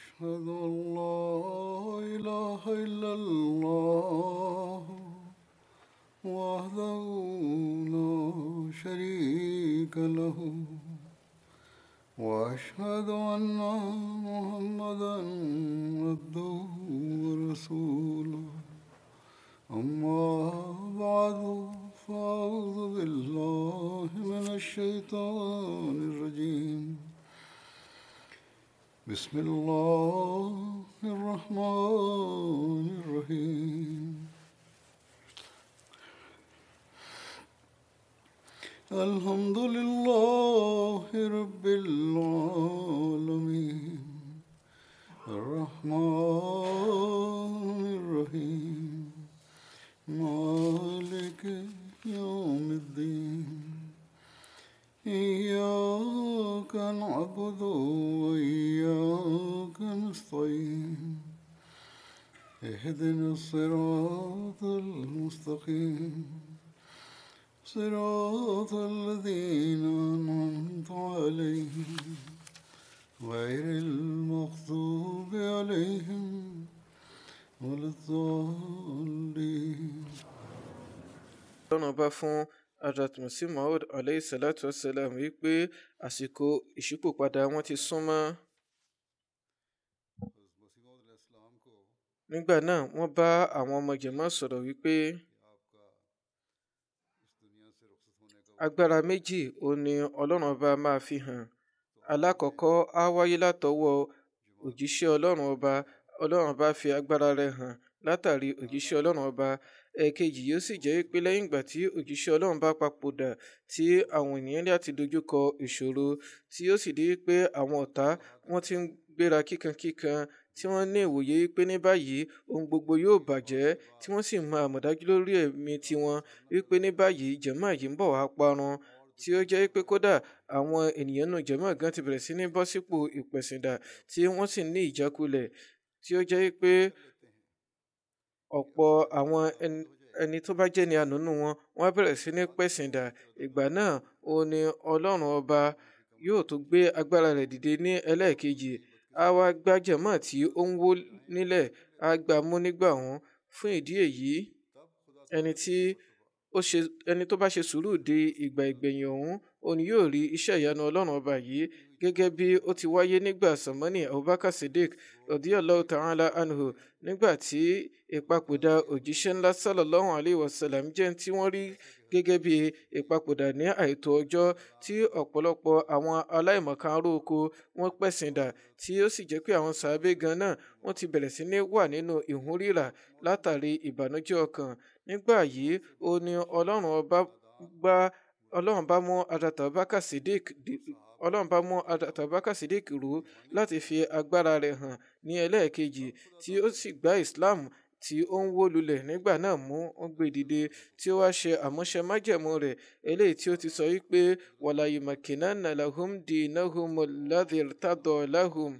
أشهد أن لا إله إلا الله وحده لا شريك له وأشهد بسم الله الرحمن الرحيم الحمد لله رب العالمين صراط الذين أنعمت عليهم غير المغضوب عليهم ولا الضالين lọ́nà bá fún adatumusi maud aleyhi salatu wasalam wípé àsìkò ìṣípòpadà wọn ti súnmọ́. nígbà náà wọ́n bá àwọn ọmọ jẹ̀mọ́ sọ̀rọ̀ wípé agbára méjì ò ní ọlọ́run ọba máa fi hàn alákọ̀ọ́kọ́ á wáyé látọwọ́ òjíṣẹ́ ọlọ́run ọba ọlọ́run ọba fi agbára rẹ̀ hàn látàrí òjíṣẹ́ ọlọ́run ọba ẹ̀ẹ̀kejì yóò sì jẹ́ pé lẹ́yìn ìgbà tí òjíṣẹ́ ọlọ́run bá papòdà tí àwọn ènìyàn láti dojúkọ ìṣòro tí yóò sì di pé àwọn ọ̀tá wọ́n ti ń gbéra kíkankíkan tí wọ́n ní ìwòye wípé ní báyìí ohun gbogbo yóò bàjẹ́ tí wọ́n sì mọ àmọ̀dájú lórí ẹ̀mí tiwọn wípé ní báyìí jàmá yìí ń bọ̀ wá parun tí ó jẹ́ pé kódà àwọn ènìyàn nù jàmá gan ti bẹ̀rẹ̀ sí ní bọ́ sípò ìpẹ̀sìndà tí wọ́n sì ní ìjákulẹ̀ tí ó jẹ́ pé ọ̀pọ̀ àwọn ẹni tó bá jẹ́ ni ànúnú wọn wọ́n bẹ̀rẹ̀ sí ní pẹ̀sìndà ìgbà náà òun ni ọlọ́run ọba yóò tó gbé agbára rẹ̀ dìde ní ẹlẹ́ẹ̀kejì á wá gbá jàmáà tí ó ń wó nílẹ̀ á gbà mú nígbà wọn fún ìdí èyí ẹni tí ó ṣe ẹni tó bá ṣe sùúrù di ìgbà ìgbẹ̀yìn ọ̀hún òun yóò rí iṣẹ́ ìyanu ọlọ́run ọba yìí gẹ́gẹ́ bí ó ti wáyé nígbà sọ̀mọ́nì abubakar sadiq radiyallahu ta'ala anhu nígbà tí ìpapòdà òjíṣẹ́ ńlá sallallahu alayhi wa sallam jẹ́ tí wọ́n rí gẹ́gẹ́ bí ìpapòdà ní àìtó ọjọ́ tí ọ̀pọ̀lọpọ̀ àwọn aláìmọ̀kan aróko wọn pẹ̀sìn dà tí ó sì jẹ́ pé àwọn sàábé gan náà wọ́n ti bẹ̀rẹ̀ sí ní wà nínú ìhúnrírà látàrí ìbànújẹ́ ọkàn nígbà yìí ó ní ọlọ́run ọba gbá ọlọ́run bá mú adatọ̀bákà sídìk ọlọ́run bá mú adatọ̀bákà sídìk rú láti fi agbára rẹ̀ hàn ní ẹlẹ́ẹ̀kejì tí ó sì gba Islam tí ó ń wó lulẹ̀ nígbà náà mú ó gbé dìde tí ó wá ṣe àmúṣe májẹ̀mú rẹ̀ eléyìí tí ó ti sọ wípé wàlàyé màkìnà nàlàhùm di náhùm ládìr tàdọ̀ láhùm.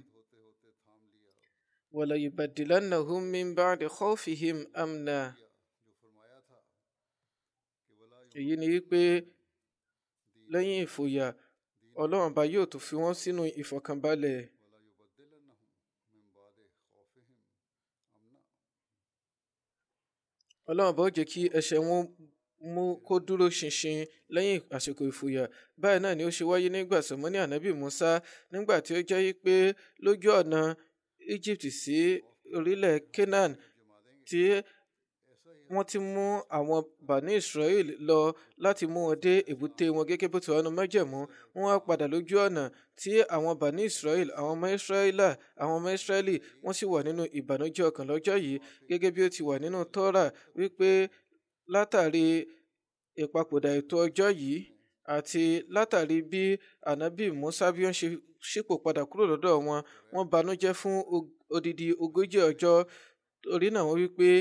wàlàyé bàdìlánàhùm min ba'di khawfihim èyí ni wípé lẹ́yìn ìfòyà ọlọ́run bá yóò tún fi wọ́n sínú ìfọ̀kànbalẹ̀. Ọlọ́run bá ó jẹ́ kí ẹsẹ̀ wọn mú kó dúró ṣinṣin lẹ́yìn àsìkò ìfòyà báyìí náà ni ó ṣe wáyé nígbà sọmọ́nì ànábì Musa nígbà tí ó jẹ́ pé lójú ọ̀nà Egypt sí orílẹ̀ Canaan tí wọ́n ti mú àwọn bani israel lọ láti mú wọn dé èbúté wọn gẹ́gẹ́ bó ti wà nínú májẹ̀mú wọ́n wá padà lójú ọ̀nà tí àwọn bani israel àwọn ọmọ israẹlà àwọn ọmọ israẹli wọ́n sì wà nínú ìbànújẹ́ ọkàn lọ́jọ́ yìí gẹ́gẹ́ bí ó ti wà nínú tọ́ra wípé látàrí ìpapòdà ètò ọjọ́ yìí àti látàrí bí ànábì musa bí wọ́n ṣe ṣípò padà kúrò lọ́dọ̀ wọn wọ́n banújẹ́ fún odidi ogójì ọjọ́ torí náà wọ́n wí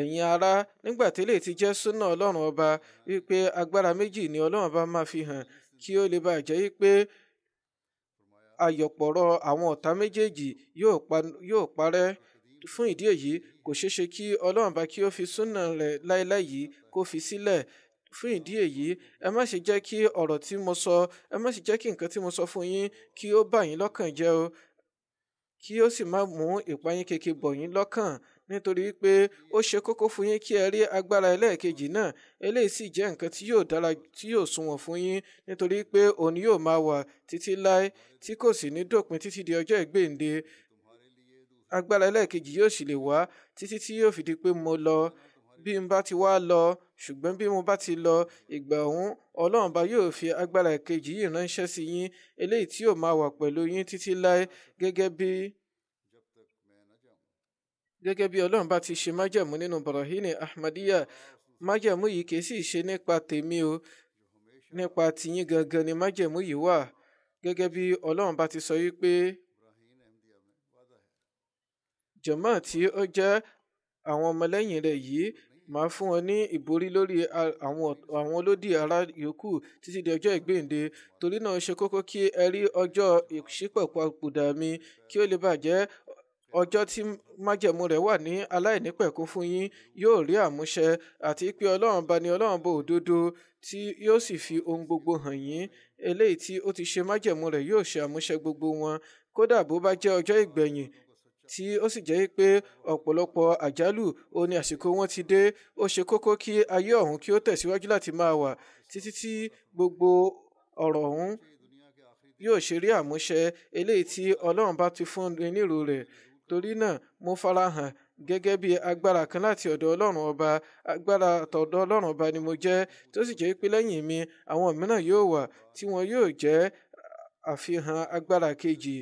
ẹ̀yin ará nígbà tí eléyìí ti jẹ́ súnà ọlọ́run ọba wípé agbára méjì ni ọlọ́run ọba máa fi hàn kí ó lè bá jẹ́ wípé àyọ̀pọ̀rọ̀ àwọn ọ̀tá méjèèjì yóò parẹ́ fún ìdí èyí kò ṣeé ṣe kí ọlọ́run bá kí ó fi súnà rẹ̀ láéláé yìí kó fi sílẹ̀ fún ìdí èyí ẹ má ṣe jẹ́ kí ọ̀rọ̀ tí mo sọ ẹ má ṣe jẹ́ kí nǹkan tí mo sọ fún yín kí ó bà yín lọ́kàn jẹ́ o kí ó sì má mú ìpayín keke bọ̀ yín lọ́kàn nítorí wípé ó ṣe kókó fún yín kí ẹ rí agbára ẹlẹ́ẹ̀kejì náà eléyìí sì jẹ́ nǹkan tí yóò dára tí yóò sunwọ̀n fún yín nítorí pé òun yóò máa wà títí láé tí kò sì ní dópin títí di ọjọ́ ìgbéǹde agbára ẹlẹ́ẹ̀kejì yóò sì lè wá títí tí yóò fi di pé mo lọ bí n bá ti wá lọ ṣùgbọ́n bí mo bá ti lọ ìgbà ọ̀hún ọlọ́run bá yóò fi agbára ẹ̀kejì yìí ránṣẹ́ sí yín eléyìí tí yóò máa wà pẹ̀lú yín títí láé gẹ́gẹ́ bí gẹ́gẹ́ bí ọlọ́run bá ti ṣe májẹ̀mú nínú Ibrahim Ahmadiyya májẹ̀mú yìí kì sì ṣe nípa tèmi o nípa tìyín gangan ni májẹ̀mú yìí wà gẹ́gẹ́ bí ọlọ́run bá ti sọ yìí pé jọ̀mọ́ tí ó jẹ́ àwọn ọmọlẹ́yìn rẹ̀ yìí màá fún wọn ní ìborí lórí àwọn olódì ara yòókù títí di ọjọ́ ìgbéǹde torí náà ṣe kókó kí ẹ rí ọjọ́ ìṣípòpapòdà mi kí ó lè bàjẹ́ ọjọ́ tí májẹ̀mú rẹ̀ wà ní aláìnípẹ̀kún fún yín yóò rí àmúṣẹ àti pé ọlọ́run bá ní ọlọ́run bó òdodo tí yóò sì fi ohun gbogbo hàn yín eléyìí tí ó ti ṣe májẹ̀mú rẹ̀ yóò ṣe àmúṣẹ gbogbo wọn kódà bó bá jẹ́ ọjọ́ ìgbẹ̀yìn tí ó sì jẹ́ pé ọ̀pọ̀lọpọ̀ àjálù ó ní àsìkò wọn ti dé ó ṣe kókó kí ayé ọ̀hún kí ó tẹ̀síwájú láti máa wà títí tí gbogbo ọ̀rọ̀ ọ̀hún yóò ṣe rí àmúṣẹ eléyìí tí ọlọ́run bá ti fún ní nírú rẹ̀ torí náà mo farahàn gẹ́gẹ́ bí agbára kan láti ọ̀dọ̀ ọlọ́run ọba agbára àtọ̀dọ̀ ọlọ́run ọba ni mo jẹ́ tó sì jẹ́ pé lẹ́yìn mi àwọn mìíràn yóò wà tí wọn yóò jẹ́ àfihàn agbára kejì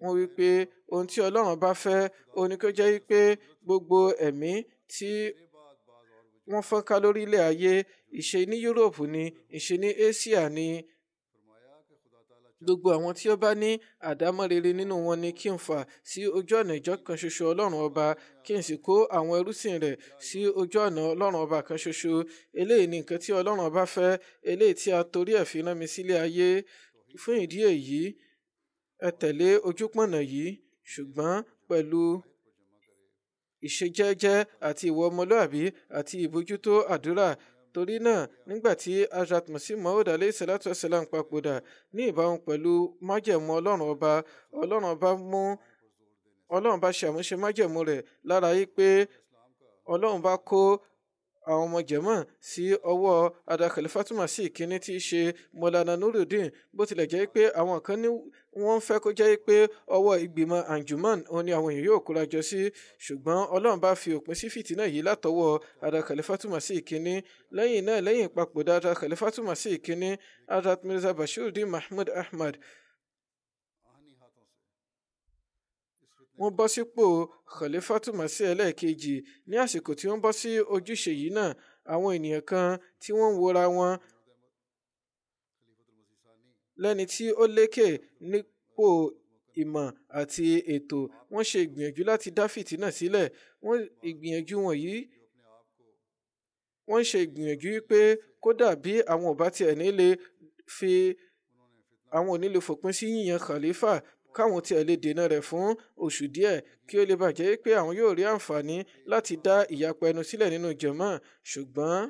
wọ́n wí pé ohun tí ọlọ́run bá fẹ́ ó ní kó jẹ́ pé gbogbo ẹ̀mí tí wọ́n fọ́nká lórí ayé ìṣe ní yúróòpù ni ìṣe ní Éṣíà ni gbogbo àwọn tí ó bá ní àdámọ́ rere nínú wọn ni kí n fà sí ojú ọ̀nà ìjọ kan ṣoṣo ọlọ́run ọba kí n sì kó àwọn ẹrúsìn rẹ̀ sí ojú ọ̀nà ọlọ́run ọba kan ṣoṣo eléyìí ni nǹkan tí ọlọ́run ọba fẹ́ eléyìí tí a torí ẹ̀ fi rán mi sílé ayé fún ìdí èyí ẹ tẹ̀lé ojúpọ̀nà yìí ṣùgbọ́n pẹ̀lú ìṣejẹ́jẹ́ àti ìwọ ọmọlúàbí àti ìbójútó àdúrà torí náà nígbà tí Hazrat Masih Maud alayhi salatu wasalam papòdà ní ìbámu pẹ̀lú májẹ̀mú ọlọ́run ọba ọlọ́run ọba mú ọlọ́run bá ṣe àmúṣe májẹ̀mú rẹ̀ lára yí pé ọlọ́run bá kó àwọn ọmọ jẹ̀mọ́ sí ọwọ́ adakẹ̀lẹ́ fatuma sí ìkíní tí í ṣe mọ́lánà nurudeen bó tilẹ̀ jẹ́ pé àwọn kan ní wọ́n fẹ́ kó jẹ́ pé ọwọ́ ìgbìmọ̀ anjuman òun ni àwọn èèyàn yóò kóra jọ sí ṣùgbọ́n ọlọ́run bá fi òpin sí fìtínà yìí látọwọ́ adakẹ̀lẹ́ fatuma sí ìkíní lẹ́yìn náà lẹ́yìn ìpapòdà adakẹ̀lẹ́ fatuma sí ìkíní adat mirza bashirudin mahmud ahmad wọ́n bọ́ sípò Khalifatu Masih ẹlẹ́ẹ̀kejì ní àsìkò tí wọ́n bọ́ sí ojúṣe yìí náà àwọn ènìyàn kan tí wọ́n ń wora wọn lẹ́ni tí ó lékè nípò ìmọ̀ àti ètò wọ́n ṣe ìgbìyànjú láti dá fìtínà sílẹ̀ wọ́n ìgbìyànjú wọ̀nyí wọ́n ṣe ìgbìyànjú pé kódà bí àwọn ò bá tiẹ̀ nílé fi àwọn ò nílé fòpin sí yíyan Khalifa káwọn tiẹ̀ lè dènà rẹ̀ fún oṣù díẹ̀ kí ó lè bàjẹ́ pé àwọn yóò rí àǹfààní láti dá ìyapa ẹnu sílẹ̀ nínú jẹ̀mọ́ ṣùgbọ́n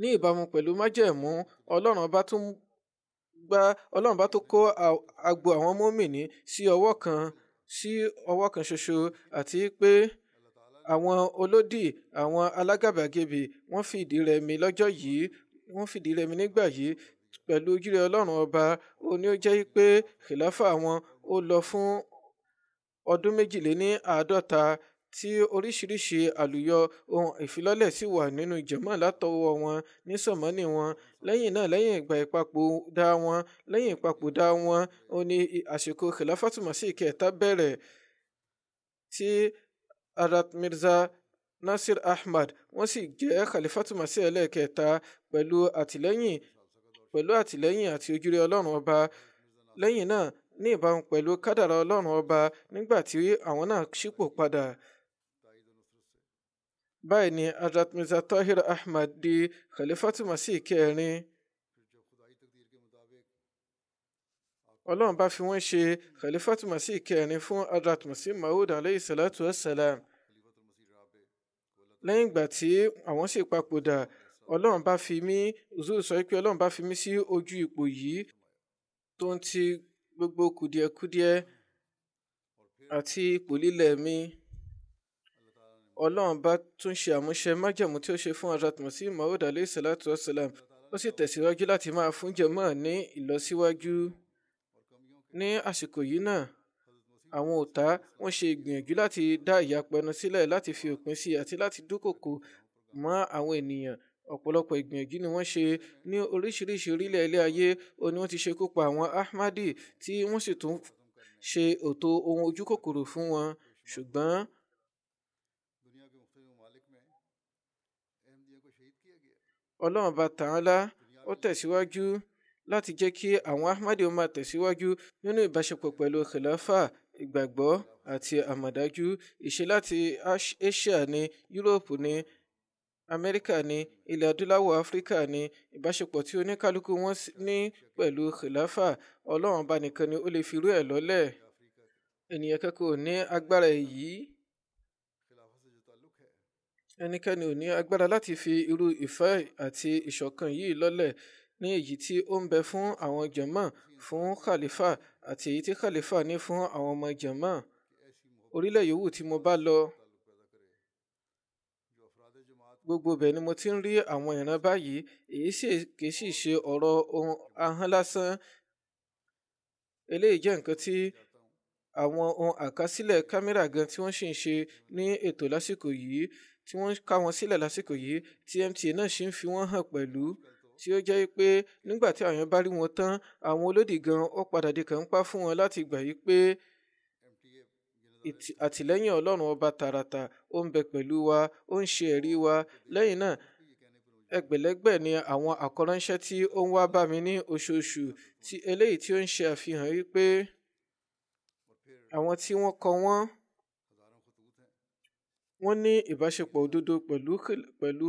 ní ìbámu pẹ̀lú májẹ̀mú ọlọ́run bá tún gba ọlọ́run bá tó kó agbo àwọn mọ́mìnì sí ọwọ́ kan sí ọwọ́ kan ṣoṣo àti pé àwọn olódì àwọn alágàbàgebè wọ́n fìdí rẹmi lọ́jọ́ yìí wọ́n fìdí rẹmi nígbà yìí pẹ̀lú ojúre ọlọ́run ọba ó ní ó jẹ́ pé kìláfà wọn ó lọ fún ọdún méjìléní àádọ́ta tí oríṣiríṣi àlùyọ ohun ìfilọ́lẹ̀ sì wà nínú ìjẹ̀mọ́ látọwọ́ wọn ní sọ̀mọ́nì wọn lẹ́yìn náà lẹ́yìn ìgbà ìpapòdà wọn lẹ́yìn ìpapòdà wọn ó ní àsìkò kìláfàtúmọ̀sí kẹta bẹ̀rẹ̀ tí arat mirza nasir ahmad wọ́n sì jẹ́ kàlífàtúmọ̀sí ẹlẹ́ẹ̀kẹta pẹ̀lú àtìlẹ́yìn pẹ̀lú àtìlẹ́yìn àti ojúrere Ọlọ́run ọba. Lẹ́yìn náà, ní ìbámu pẹ̀lú kádàrá Ọlọ́run ọba nígbà tí àwọn náà ṣípò padà. Báyìí ni Hazrat Mirza Tahir Ahmad di Khalifatu Masih kẹrin. Ọlọ́run bá fi wọ́n ṣe Khalifatu Masih kẹrin fún Hazrat Masih Maud alayhi salatu wa salam. Lẹ́yìn ìgbà tí àwọn sì papòdà ọlọ́run bá fi mí zoro sọ pé ọlọ́run bá fi mí sí ojú ipò yìí tó ń ti gbogbo kùdìẹ̀kudìẹ àti ipò lílẹ̀ mi ọlọ́run bá tún ṣe àmúṣe májẹ̀mú tí ó ṣe fún Hazrat Masih Maud alayhi salatu salam ó sì tẹ̀síwájú láti máa fún jẹ̀mọ́ ní ìlọsíwájú ní àsìkò yìí náà àwọn ọ̀tá wọ́n ṣe ìgbìyànjú láti dá ìyapẹnu sílẹ̀ láti fi òpin sí àti láti dúkòkò mọ́ àwọn ènìyàn Ọ̀pọ̀lọpọ̀ ìgbìyànjú ni wọ́n ṣe ní oríṣiríṣi orílẹ̀ ilẹ̀ ayé, òun ni wọ́n ti ṣekú pa àwọn Ahmadi tí wọ́n sì tún ṣe ètò ohun ojú kòkòrò fún wọn. Ṣùgbọ́n Ọlọ́run bá tàánlá, ó tẹ̀síwájú láti jẹ́ kí àwọn Ahmadi ó máa tẹ̀síwájú nínú ìbáṣepọ̀ pẹ̀lú Khilafa, ìgbàgbọ́ àti àmọ̀dájú. Ìṣe láti Asia ni, Europe ni. Amẹ́ríkà ni, ilẹ̀ adúláwọ̀ Áfíríkà ni, ìbáṣepọ̀ tí oníkálukú wọn ní pẹ̀lú Khilafah Ọlọ́run ọba nìkan ni ó lè fi rú ẹ̀ lọ́lẹ̀. Ènìyàn kankan ò ní agbára èyí. Ẹnikẹ́ni ò ní agbára láti fi irú ìfẹ́ àti ìṣọ̀kan yìí lọ́lẹ̀ ní èyí tí ó ń bẹ fún àwọn jàmá fún Khalifa àti èyí tí Khalifa ní fún àwọn ọmọ jàmá. Orílẹ̀ yòówù tí mo bá lọ gbogbo ibẹ̀ ni mo ti ń rí àwọn ìran báyìí èyí sì kì í sì ṣe ọ̀rọ̀ ohun ahọ́n lásán eléyìí jẹ́ nǹkan tí àwọn ohun àkásílẹ̀ kámẹ́rà gan tí wọ́n sì ń ṣe ní ètò lásìkò yìí tí wọ́n ká wọn sílẹ̀ lásìkò yìí tí náà sì ń fi wọ́n hàn pẹ̀lú tí ó jẹ́ pé nígbà tí àwọn bá rí wọn tán àwọn olódì gan ó padà di kàn ń pa fún wọn láti gbà yí pé àtìlẹ́yìn ọlọ́run ọba tààràtà ó ń bẹ pẹ̀lú wa ó ń ṣe ẹ̀rí wa lẹ́yìn náà ẹgbẹ̀lẹ́gbẹ̀ ni àwọn àkọ́ránṣẹ́ tí ó ń wá bá mi ní oṣooṣù tí eléyìí tí ó ń ṣe àfihàn wípé àwọn tí wọ́n kọ wọ́n wọ́n ní ìbáṣepọ̀ òdodo pẹ̀lú pẹ̀lú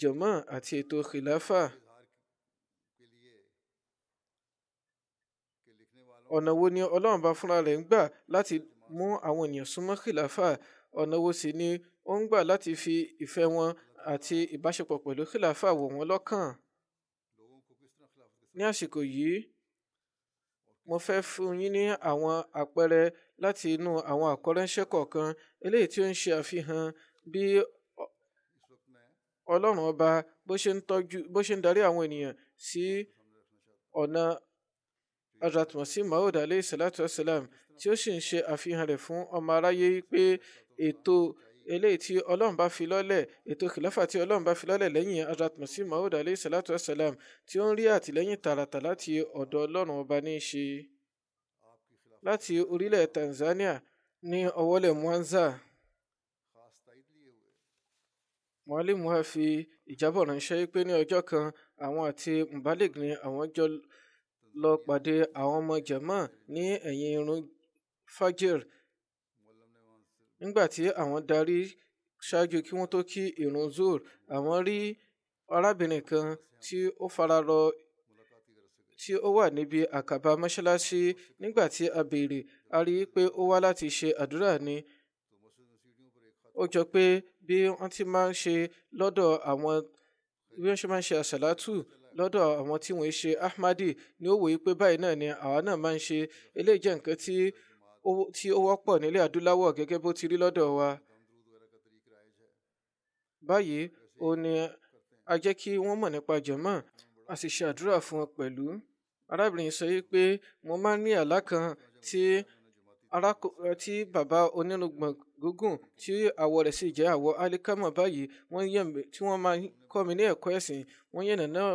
jama àti ètò khilafa. ọ̀nà wo ni ọlọ́run bá fúnra rẹ̀ ń gbà láti mú àwọn ènìyàn súnmọ́ kìláfà ọ̀nà wo sì ni ó ń gbà láti fi ìfẹ́ wọn àti ìbáṣepọ̀ pẹ̀lú kìláfà wọ̀ wọ́n lọ́kàn. ní àsìkò yìí mo fẹ́ fún yín ní àwọn àpẹẹrẹ láti inú àwọn àkọ́rẹ́ńṣẹ́ kọ̀ọ̀kan eléyìí tí ó ń ṣe àfihàn bí ọlọ́run ọba bó ṣe ń darí àwọn ènìyàn sí ọ̀nà Hazrat Masih alayhi salatu wa salam tí ó sì ń ṣe àfihàn rẹ̀ fún ọmọ aráyé pé ètò eléyìí tí ọlọ́run bá fi lọ́lẹ̀ ètò kìlọ́fà tí ọlọ́run bá fi lọ́lẹ̀ lẹ́yìn Hazrat Masih Maud alayhi salatu wasalam tí ó ń rí àtìlẹ́yìn tààràtà láti ọ̀dọ̀ ọlọ́run ọba ní í ṣe láti orílẹ̀ Tanzania ní ọwọ́lẹ̀ Mwanza Mwalimu wa fi ìjábọ̀ ránṣẹ́ pé ní ọjọ́ kan àwọn àti Mbalik ni àwọn jọ lọ pàdé àwọn ọmọ jẹ̀mọ́ ní ẹ̀yìn irun fajr nígbà tí àwọn darí ṣáájú kí wọ́n tó kí ìrun zuhr àwọn rí arábìnrin kan tí ó fara rọ tí ó wà níbi àkàbà mọ́ṣáláṣí nígbà tí a béèrè a rí i pé ó wá láti ṣe àdúrà ni ó jọ pé bí wọ́n ti máa ń ṣe lọ́dọ̀ àwọn bí wọ́n ṣe máa ń ṣe àṣàlátù lọ́dọ̀ àwọn tí wọ́n ṣe ahmadi ni ó wòye pé báyìí náà ni àwa náà máa ń ṣe eléyìí jẹ́ nǹkan tí tí ó wọ́pọ̀ nílẹ̀ adúláwọ̀ gẹ́gẹ́ bó ti rí lọ́dọ̀ wa. Báyìí, ó ní a jẹ́ kí wọ́n mọ̀ nípa jẹ̀mọ́, a sì ṣe àdúrà fún wọn pẹ̀lú. Arábìnrin sọ wípé mo máa ń ní àlá kan tí tí bàbá onírùngbọ̀n gúngùn tí àwọ̀ rẹ̀ sì jẹ́ àwọ̀ alikama báyìí wọ́n yàn mí tí wọ́n máa kọ́ mi ní ẹ̀kọ́ ẹ̀sìn wọ́n yànnà náà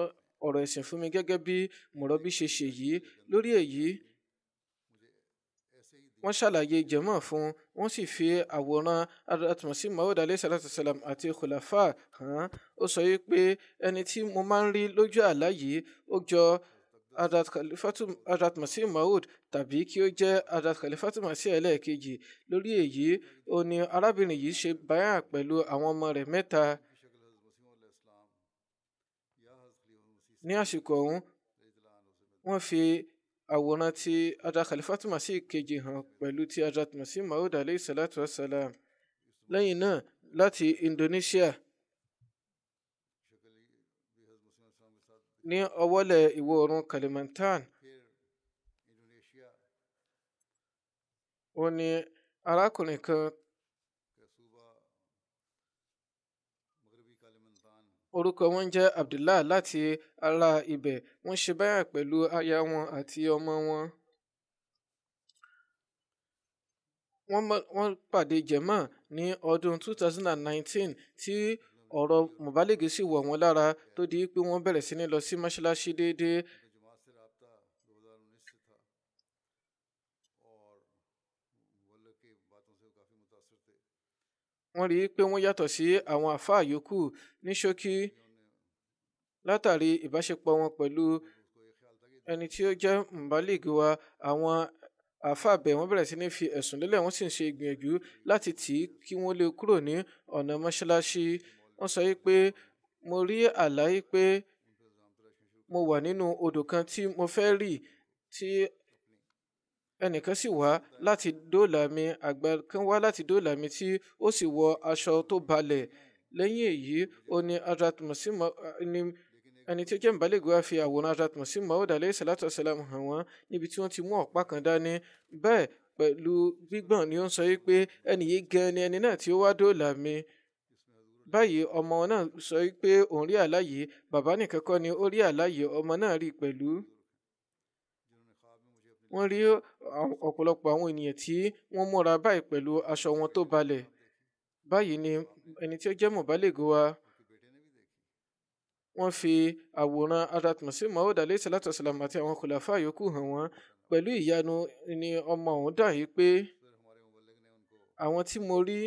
ọ̀rọ̀ ẹ̀sìn fún mi gẹ́gẹ́ bí mọ̀rọ́bí ṣe ṣe yìí lórí èyí wọ́n ṣàlàyé jẹ̀mọ́ fún wọ́n sì fi àwòrán àtúnṣe Maud alayhi salatu salam àti khulafa hàn ó sọ yìí pé ẹni tí mo máa ń rí lójú àlá yìí ó jọ adat khalifatu adat masih Maud tàbí kí ó jẹ́ adat khalifatu masih ẹlẹ́ẹ̀kejì lórí èyí ó ní arábìnrin yìí ṣe báyà pẹ̀lú àwọn ọmọ rẹ̀ mẹ́ta ní àsìkò ọ̀hún wọ́n fi àwòrán tí Hajjah Khalifatu Masih kejì hàn pẹ̀lú ti Hajjat Masih Maud alayhi salatu wassalam lẹ́yìn náà láti Indonesia ní ọwọ́lẹ̀ ìwọ̀ oòrùn Kalimantan ó ní arákùnrin kan orúkọ wọn jẹ́ abdullah láti ará ibẹ̀ wọ́n ṣe báyà pẹ̀lú aya wọn àti ọmọ wọn. wọ́n pàdé jẹ̀mọ́ ní ọdún 2019 tí ọ̀rọ̀ mọ̀bálẹ́gẹ́ sì wọ̀ wọ́n lára tó di pé wọ́n bẹ̀rẹ̀ sí ní lọ sí mọ́ṣáláṣí déédéé wọ́n rí i pé wọ́n yàtọ̀ sí àwọn àfáà yòókù ní ṣókí látàrí ìbáṣepọ̀ wọn pẹ̀lú ẹni tí ó jẹ́ Mùbálígì wa àwọn àfàbẹ̀ wọ́n bẹ̀rẹ̀ sí ní fi ẹ̀sùn lélẹ̀ wọ́n sì ń ṣe ìgbìyànjú láti tì í kí wọ́n lè kúrò ní ọ̀nà mọ́ṣáláṣí wọ́n sọ pé mo rí àlá pé mo wà nínú odò kan tí mo fẹ́ rì tí ẹnìkan sì wá láti dóòlà mi àgbà kan wá láti dóòlà mi tí ó sì wọ aṣọ tó balẹ̀ lẹ́yìn èyí ó ní Hazrat Masih eh, ẹni tí ó jẹ́ ìbálẹ̀gbẹ́ fi àwòrán Hazrat Masih Maud alayhi salatu wasalam hàn wọ́n níbi tí wọ́n ti mú ọ̀pá kan dání bẹ́ẹ̀ pẹ̀lú gbígbọ̀n ni ó ń sọ wípé ẹni yìí gan ni ẹni náà tí ó wá dóòlà mi báyìí ọmọ náà sọ wípé òun rí àlá yìí bàbá nìkan ni ó rí àlá yìí ọmọ náà rí pẹ̀lú wọ́n rí ọ̀pọ̀lọpọ̀ àwọn ènìyàn tí wọ́n múra báyìí pẹ̀lú aṣọ wọn tó balẹ̀. Báyìí ni ẹni tí ó jẹ́ Mobale Gowa wọ́n fi àwòrán Hazrat Masih Maud alayhi salatu wasalam àti àwọn kòláfà yòókù hàn wọ́n pẹ̀lú ìyanu ni ọmọ ọ̀hún dà yìí pé àwọn tí mo rí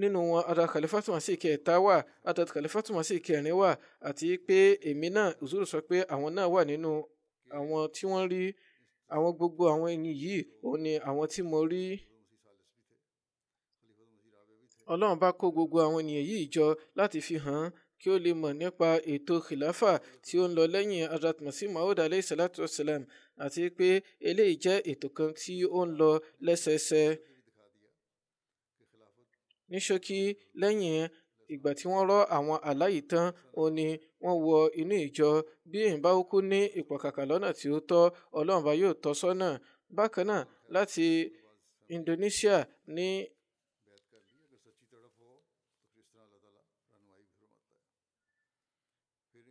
nínú wọn Hazrat Khalifatu Masih kẹta wà Hazrat Khalifatu Masih kẹrin wà àti pé èmi náà òzúrò sọ pé àwọn náà wà nínú àwọn tí wọ́n rí àwọn gbogbo àwọn ẹni yìí òun ni àwọn tí mo rí ọlọ́run bá kó gbogbo àwọn ènìyàn yìí jọ láti fi hàn án kí ó lè mọ̀ nípa ètò khilafa tí ó ń lọ lẹ́yìn Hazrat Masih Maud alayhi wasalam àti pé eléyìí jẹ́ ètò kan tí ó ń lọ lẹ́sẹẹsẹ. ní ṣókí lẹ́yìn ìgbà tí wọ́n rọ́ àwọn àlàyé tán ó ní wọ́n wọ inú ìjọ bí ìmbáwókú ní ìpọ̀kàkà lọ́nà tí ó tọ́ ọlọ́run yóò tọ́ sọ́nà bákan náà láti Indonesia ní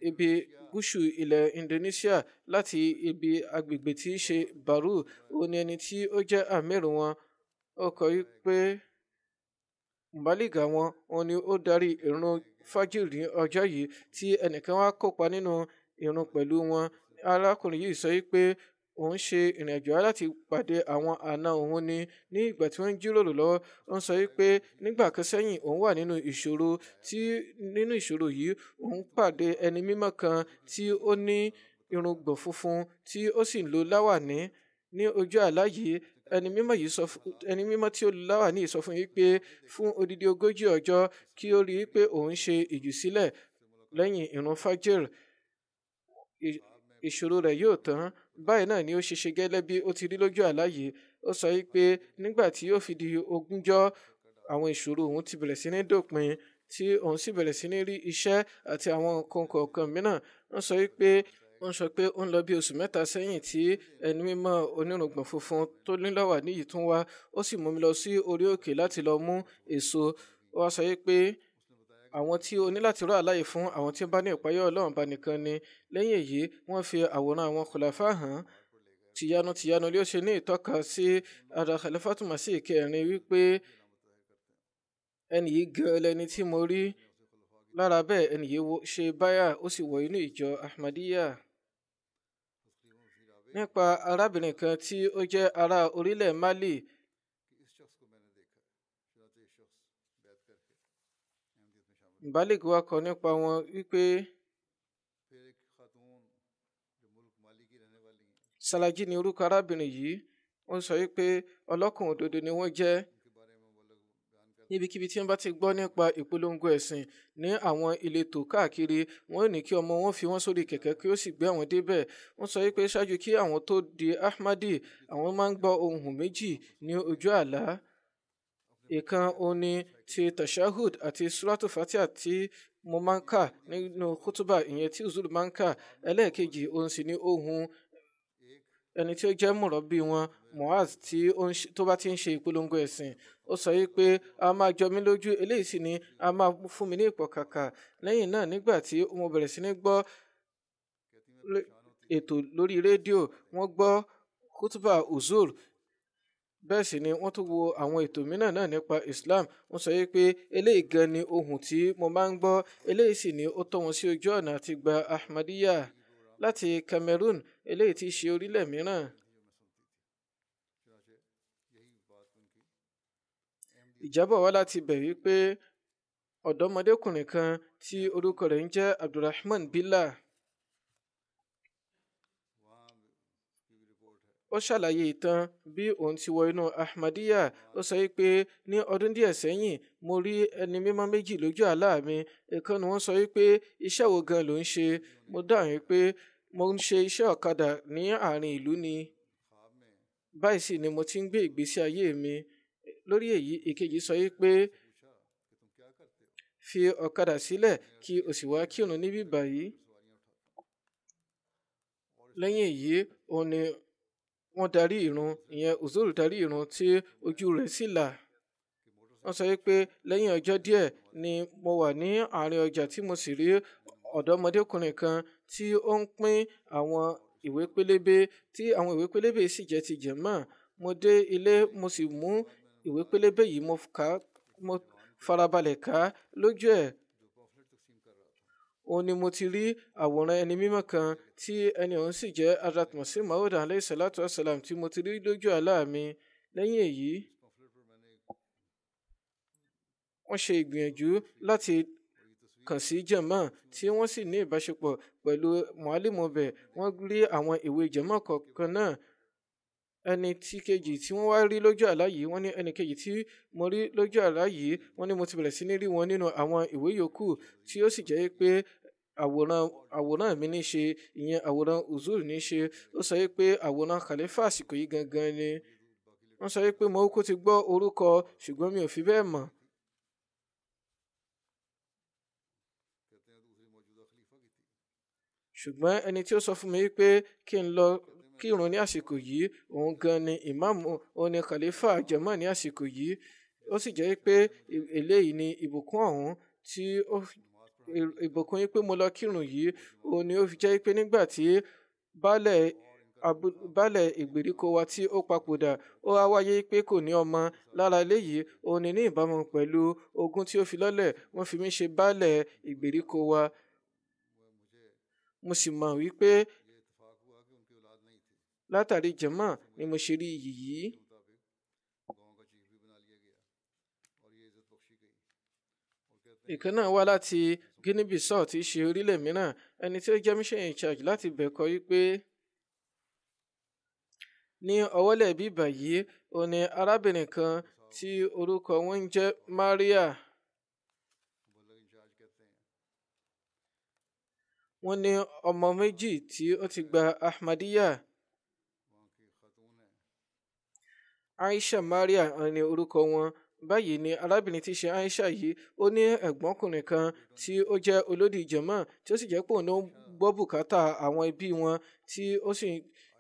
ibi gúúsù ilẹ̀ Indonesia láti ibi agbègbè tí í ṣe Baru òun ni ẹni tí ó jẹ́ àmẹ́rù wọn ó kọ wípé mbàlígà wọn òun ni ó darí ìrun fájìrì ọjọ́ yìí tí ẹnìkan wá kópa nínú irun pẹ̀lú wọn arákùnrin yìí sọ pé òun ṣe ìrìnàjò láti pàdé àwọn àna òun ni ní ìgbà tí wọ́n ń jíròrò lọ́wọ́ wọ́n sọ wípé nígbà kan sẹ́yìn òun wà nínú ìṣòro tí nínú ìṣòro yìí òun pàdé ẹni mímọ́ kan tí ó ní irùngbọ̀n funfun tí ó sì ń lo láwàní ní ojú àlá yìí ẹni mímọ́ yìí sọ ẹni mímọ́ tí olùláwà ní ìsọ fún yìí pé fún odidi ogójì ọjọ́ kí ó rí i pé òun ṣe ìjùsílẹ̀ lẹ́yìn ìrun fajr ìṣòro rẹ̀ yóò tán báyìí náà ni ó ṣe ṣe gẹ́lẹ́ bí ó ti rí lójú àláyé ó sọ yìí pé nígbà tí yóò fi di ogúnjọ́ àwọn ìṣòro òun ti bẹ̀rẹ̀ sí ní dópin tí òun sì bẹ̀rẹ̀ sí ní rí iṣẹ́ àti àwọn nǹkan kọ̀ọ̀kan mìíràn wọ́n sọ wípé ó ń sọ pé ó ń lọ bí oṣù mẹ́ta sẹ́yìn tí ẹni mímọ́ onírùngbọ̀n funfun tó nílọ́wà níyì tún wá ó sì mú mi lọ sí orí òkè láti lọ mú èso ó wá sọ yìí pé àwọn tí o ní láti rọ àlàyé fún àwọn tí ó bá ní ìpáyọ̀ ọlọ́run bá nìkan ni lẹ́yìn èyí wọ́n fi àwòrán àwọn kòláfà hàn tìyanu tìyanu ló ṣe ní ìtọ́ka sí ara Khalifatul Masih kẹrin wípé ẹnì yìí gan lẹni tí mo rí lára bẹ́ẹ̀ ẹnì yìí ṣe báyà ó sì wọ inú ìjọ Ahmadiyya nípa arábìnrin kan tí ó jẹ́ ará orílẹ̀ Mali. Malik wa kọ nípa wọn wípé Salaji ni orúkọ arábìnrin yìí ó ń sọ wípé ọlọ́kùnrin òdodo ni wọ́n jẹ́ níbikíbi tí wọ́n bá ti gbọ́ nípa ìpolongo ẹ̀sìn ní àwọn ìletò káàkiri wọ́n ní kí ọmọ wọn fi wọ́n sórí kẹ̀kẹ́ kí ó sì gbé àwọn débẹ̀ wọ́n sọ wípé ṣáájú kí àwọn tó di Ahmadi àwọn máa ń gbọ́ ohùn méjì ní ojú àlá ìkan òní ti tashahud àti suratu fatiha tí mo máa ń kà nínú kútúbà ìyẹn tí uzulu máa ń kà ẹlẹ́ẹ̀kejì òun sì ní ohun ẹni tí ó jẹ́ mùrọ̀bí wọn Muaz tí tó bá ti ń ṣe ìpolongo ẹ̀sìn ó sọ yìí pé a máa jọ mí lójú eléyìí sì ni a máa fún mi ní ìpọ̀kàkà lẹ́yìn náà nígbà tí mo bẹ̀rẹ̀ sí ní gbọ́ ètò lórí rédíò wọ́n gbọ́ kútùbà uzur bẹ́ẹ̀ sì ni wọ́n tún wo àwọn ètò mìíràn náà nípa Islam wọ́n sọ yìí pé eléyìí gan ni ohun tí mo máa ń gbọ́ eléyìí sì ni ó tọ́ wọn sí ojú ọ̀nà àti gba Ahmadiyya láti Cameroon eléyìí ti í ṣe orílẹ̀ mìíràn. ìjábọ̀ wá láti bẹ̀ wípé ọ̀dọ́mọdékùnrin kan tí orúkọ rẹ̀ ń jẹ́ Abdulrahman Bila. ó ṣàlàyé ìtàn bí òun ti wọ inú Ahmadiyya ó sọ pé ní ọdún díẹ̀ sẹ́yìn mo rí ẹni mímọ́ méjì lójú àlá mi ìkan ni wọ́n sọ pé iṣẹ́ wo gan ló ń ṣe mo dáhùn pé mo ń ṣe iṣẹ́ ọ̀kadà ní àárín ìlú ni báyìí sì ni mo ti ń gbé ìgbésí ayé mi lórí èyí ìkejì sọ yìí pé fi ọ̀kadà sílẹ̀ kí o sì wá kírun níbí báyìí lẹ́yìn èyí òun ni wọ́n darí ìrun ìyẹn òzòrò darí ìrun tí ojú rẹ̀ sì là wọ́n sọ wípé lẹ́yìn ọjọ́ díẹ̀ ni mo wà ní àárín ọjà tí mo sì rí ọ̀dọ́mọdékùnrin kan tí ó ń pín àwọn ìwé pélébé tí àwọn ìwé pélébé sì jẹ́ ti jẹ̀mọ́ mo dé ilé mo sì mú ìwé pélébé yìí mo kà mo farabalẹ̀ kà lójú ẹ̀ ó ní mo ti rí àwòrán ẹni mímọ́ kan tí ẹni ọ̀hún sì jẹ́ Hazrat Masih Maud salatu wasalam tí mo ti rí lójú àlá mi lẹ́yìn èyí wọ́n ṣe ìgbìyànjú láti kàn sí jẹ̀mọ́ tí wọ́n sì ní ìbáṣepọ̀ pẹ̀lú mọ̀álìmọ̀ bẹ̀ wọ́n rí àwọn ìwé jẹ̀mọ́ kọ̀ọ̀kan náà ẹni tí kejì tí wọ́n wá rí lójú àlá yìí wọ́n ní ẹni kejì tí mo rí lójú àlá yìí wọ́n ní mo ti bẹ̀rẹ̀ sí ní rí wọn nínú àwọn ìwé yòókù tí ó sì jẹ́ pé àwòrán àwòrán mi ní ṣe ìyẹn àwòrán uzur ní ṣe ó sọ pé àwòrán khalifa àsìkò yìí gangan ni wọ́n sọ pé mo kò ti gbọ́ orúkọ ṣùgbọ́n mi ò fi bẹ́ẹ̀ mọ̀ ṣùgbọ́n ẹni tí ó sọ fún mi wípé kí n lọ kírun ní àsìkò yìí òun gan ni ìmáàmù òun ni kàlífà jàmá ní àsìkò yìí ó sì jẹ́ pé eléyìí ni ìbùkún ọ̀hún tí ó ìbùkún yìí pé mo lọ kírun yìí òun ni ó fi jẹ́ pé nígbà tí baálẹ̀ baálẹ̀ ìgbèríko wa tí ó papòdà ó wá wáyé pé kò ní ọmọ lára eléyìí òun ni ní ìbámu pẹ̀lú ogún tí ó fi lọ́lẹ̀ wọ́n fi mí ṣe baálẹ̀ ìgbèríko wa mo sì mọ̀ wípé látàrí jẹ̀mọ́ ni mo ṣe rí iyì yìí. ìkan náà wá láti Guinea Bissau tí í ṣe orílẹ̀ mìíràn ẹni tí ó jẹ́ mission in charge láti bẹ̀ kọ́ wípé ní ọwọ́lẹ̀ bíbà yìí ó arábìnrin kan tí orúkọ wọn ń jẹ́ Maria. Wọ́n ní ọmọ méjì tí ó ti gba Ahmadiyya. Aisha Maria ni orúkọ wọn. Báyìí ni arábìnrin tí í ṣe Aisha yìí ó ní ẹ̀gbọ́nkùnrin kan tí ó jẹ́ olódì jẹ̀mọ́ tí ó sì jẹ́ pé òun ló ń gbọ́ bùkátà àwọn ẹbí wọn tí ó sì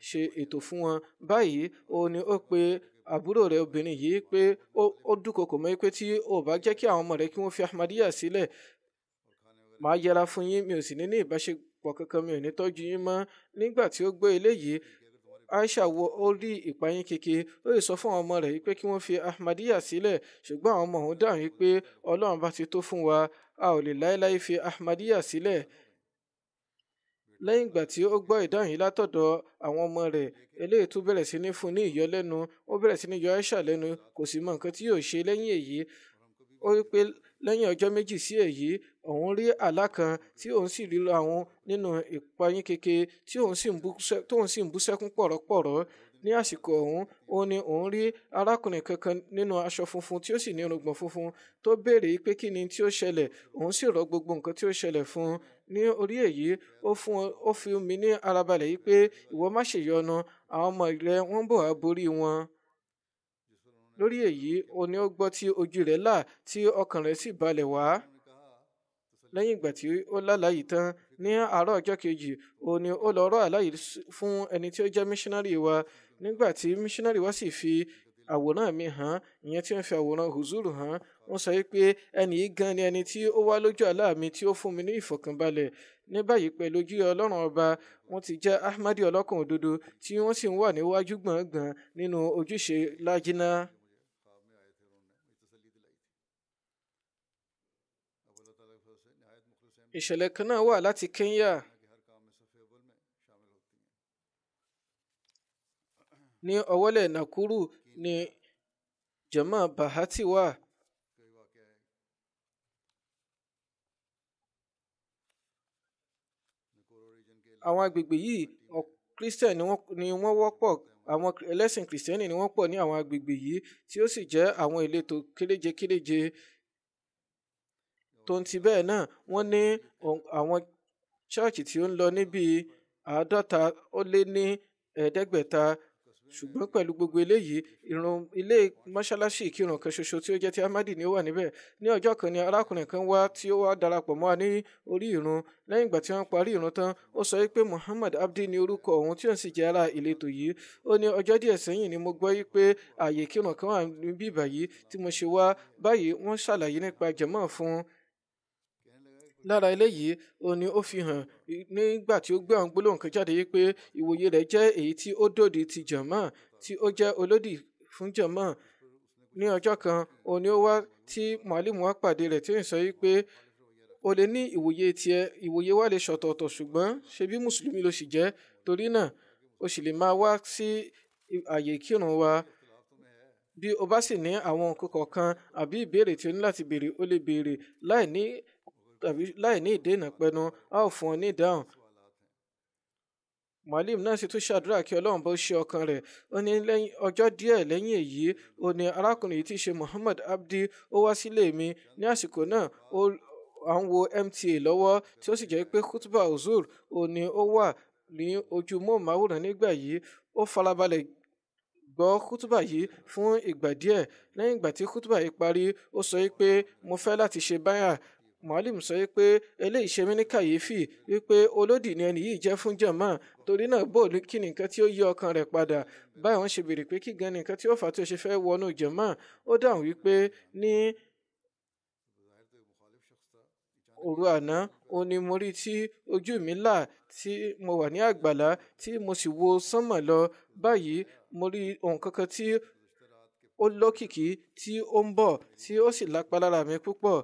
ṣe ètò fún wọn. Báyìí òun ni ó pe àbúrò rẹ̀ obìnrin yìí pé ó dúnkokò mọ́ pé tí ó bá jẹ́ kí àwọn ọmọ rẹ̀ kí wọ́n fi Ahmadiyya sílẹ̀ màá yẹra fún yín mi ò sì ní ní ìbáṣepọ̀ kankan mi ò ní tọ́jú yín mọ́ nígbà tí ó gbọ́ eléyìí aisha wo ó rí ìpayín keke ó lè sọ fún àwọn ọmọ rẹ̀ wípé kí wọ́n fi ahmadiyya sílẹ̀ ṣùgbọ́n àwọn ọmọ òun dáhùn wípé ọlọ́run bá ti tó fún wa a ò lè láéláé fi ahmadiyya sílẹ̀ lẹ́yìn ìgbà tí ó gbọ́ ìdáhùn yìí látọ̀dọ̀ àwọn ọmọ rẹ̀ eléyìí tún bẹ̀rẹ̀ sí ní fún ní ìyọlẹ́nu ó bẹ̀rẹ̀ sí ní yọ aisha lẹ́nu kò sì mọ nǹkan tí yóò ṣe lẹ́yìn èyí ó rí pé lẹ́yìn ọjọ́ méjì sí èyí òun rí àlá kan tí òun sì rí àwọn nínú ìpayín kékeré tí òun sì ń bú sẹ́kún pọ̀rọ̀pọ̀rọ̀ ní àsìkò ọ̀hún ó ní òun rí arákùnrin kankan nínú aṣọ funfun tí ó sì ní irùngbọ̀n funfun tó béèrè pé kí ni tí ó ṣẹlẹ̀ òun sì rọ gbogbo nǹkan tí ó ṣẹlẹ̀ fún un ní orí èyí ó fi mi ní ara balẹ̀ yìí pé ìwọ má ṣe yọnu àwọn ọmọ rẹ wọ́n bọ̀ wá borí wọn lórí èyí ó ní ó gbọ́ tí ojú rẹ̀ là tí ọkàn rẹ̀ sì balẹ̀ wá lẹ́yìn ìgbà tí ó lálàyé tán ní àárọ̀ ọjọ́ kejì òun ni ó lọ rọ́ àlàyé fún ẹni tí ó jẹ́ missionary wa nígbà tí missionary wa sì fi àwòrán mi hàn ìyẹn tí wọ́n fi àwòrán huzuru hàn wọ́n sọ pé ẹni yìí gan ni ẹni tí ó wá lójú àlá mi tí ó fún mi ní ìfọ̀kànbalẹ̀ ní báyìí pẹ̀lú ojú ọlọ́run ọba wọ́n ti jẹ́ ahmadi ọlọ́kàn òdodo tí wọ́n sì ń wà níwájú gbọ̀ngbọ̀n nínú ojúṣe lájínà. ìṣẹ̀lẹ̀ kan náà wà láti Kenya ní ọwọ́lẹ̀ Nakuru ní jama Bahati wà. àwọn agbègbè yìí Christian ni wọ́n wọ́pọ̀ àwọn ẹlẹ́sìn Kristẹni ni wọ́n pọ̀ ní àwọn agbègbè yìí tí ó sì jẹ́ àwọn ìletò kéréje kéréje tó ń ti bẹ́ẹ̀ náà wọ́n ní àwọn ṣọ́ọ̀ṣì tí ó ń lọ níbi àádọ́ta ó lé ní ẹ̀ẹ́dẹ́gbẹ̀ta ṣùgbọ́n pẹ̀lú gbogbo eléyìí ìrun ilé mọ́ṣáláṣí ìkírun kan ṣoṣo tí ó jẹ́ ti Ahmadi ni ó wà níbẹ̀ ní ọjọ́ kan ni arákùnrin kan wá tí ó wá darapọ̀ mọ́ wa ní orí ìrun lẹ́yìn ìgbà tí wọ́n parí ìrun tán ó sọ pé Muhammad Abdi ni orúkọ òun tí òun sì jẹ́ ara ìletò yìí ó ní ọjọ́ díẹ̀ sẹ́yìn ni mo gbọ́ pé ààyè ìkírun kan wà níbí báyìí tí mo ṣe wá báyìí wọ́n ṣàlàyé nípa jẹ̀mọ́ fún un lára eléyìí òun ni ó fi hàn nígbà tí ó gbé àwọn gbólóhùn kan jáde yìí pé ìwòye rẹ̀ jẹ́ èyí tí ó dòdì ti jàmáà tí ó jẹ́ olódì fún jàmáà ní ọjọ́ kan òun ni ó wá tí màálìmù wá pàdé rẹ̀ tí ó ń sọ yìí pé o lè ní ìwòye tiẹ̀ ìwòye wa lè ṣọ̀tọ̀ọ̀tọ̀ ṣùgbọ́n ṣe bí mùsùlùmí ló sì jẹ́ torí náà o sì lè máa wá sí àyè kírun wa bí o bá sì ní àwọn nǹkan kọ̀ọ̀kan àbí ìbéèrè tí o ní láti béèrè o lè béèrè láì ní tàbí láì ní ìdènà pẹnu a ó fún ọ ní ìdáhùn. Mualim náà sì tún ṣàdúrà kí Ọlọ́run bó ṣe ọkàn rẹ̀ ó ní lẹ́yìn ọjọ́ díẹ̀ lẹ́yìn èyí ó ní arákùnrin yìí ti ṣe Muhammad Abdi ó wá sílé mi ní àsìkò náà ó à ń wo MTA lọ́wọ́ tí ó sì jẹ́ pé kútùbà Huzur ó ní ó wà ní ojú móhùnmáwòrán nígbà yìí ó farabalẹ̀ gbọ́ kútùbà yìí fún ìgbà díẹ̀ lẹ́yìn ìgbà tí kútùbà yìí parí ó sọ pé mo fẹ́ láti ṣe báyà mualim sọ wípé eléyìí ṣe mí ní kàyéfì wípé olódì ni ẹni yìí jẹ́ fún jàmá torí náà bó kí ni nǹkan tí ó yí ọkàn rẹ̀ padà báyìí wọ́n ṣe béèrè pé kí gan ni nǹkan tí ó fà tí ó ṣe fẹ́ wọnú jàmá ó dáhùn wípé ní òru àná ó ní mo rí tí ojú mi là tí mo wà ní àgbàlá tí mo sì wo sánmà lọ báyìí mo rí ohun kankan tí ó lókìkí tí ó ń bọ̀ tí ó sì lápá lára mi púpọ̀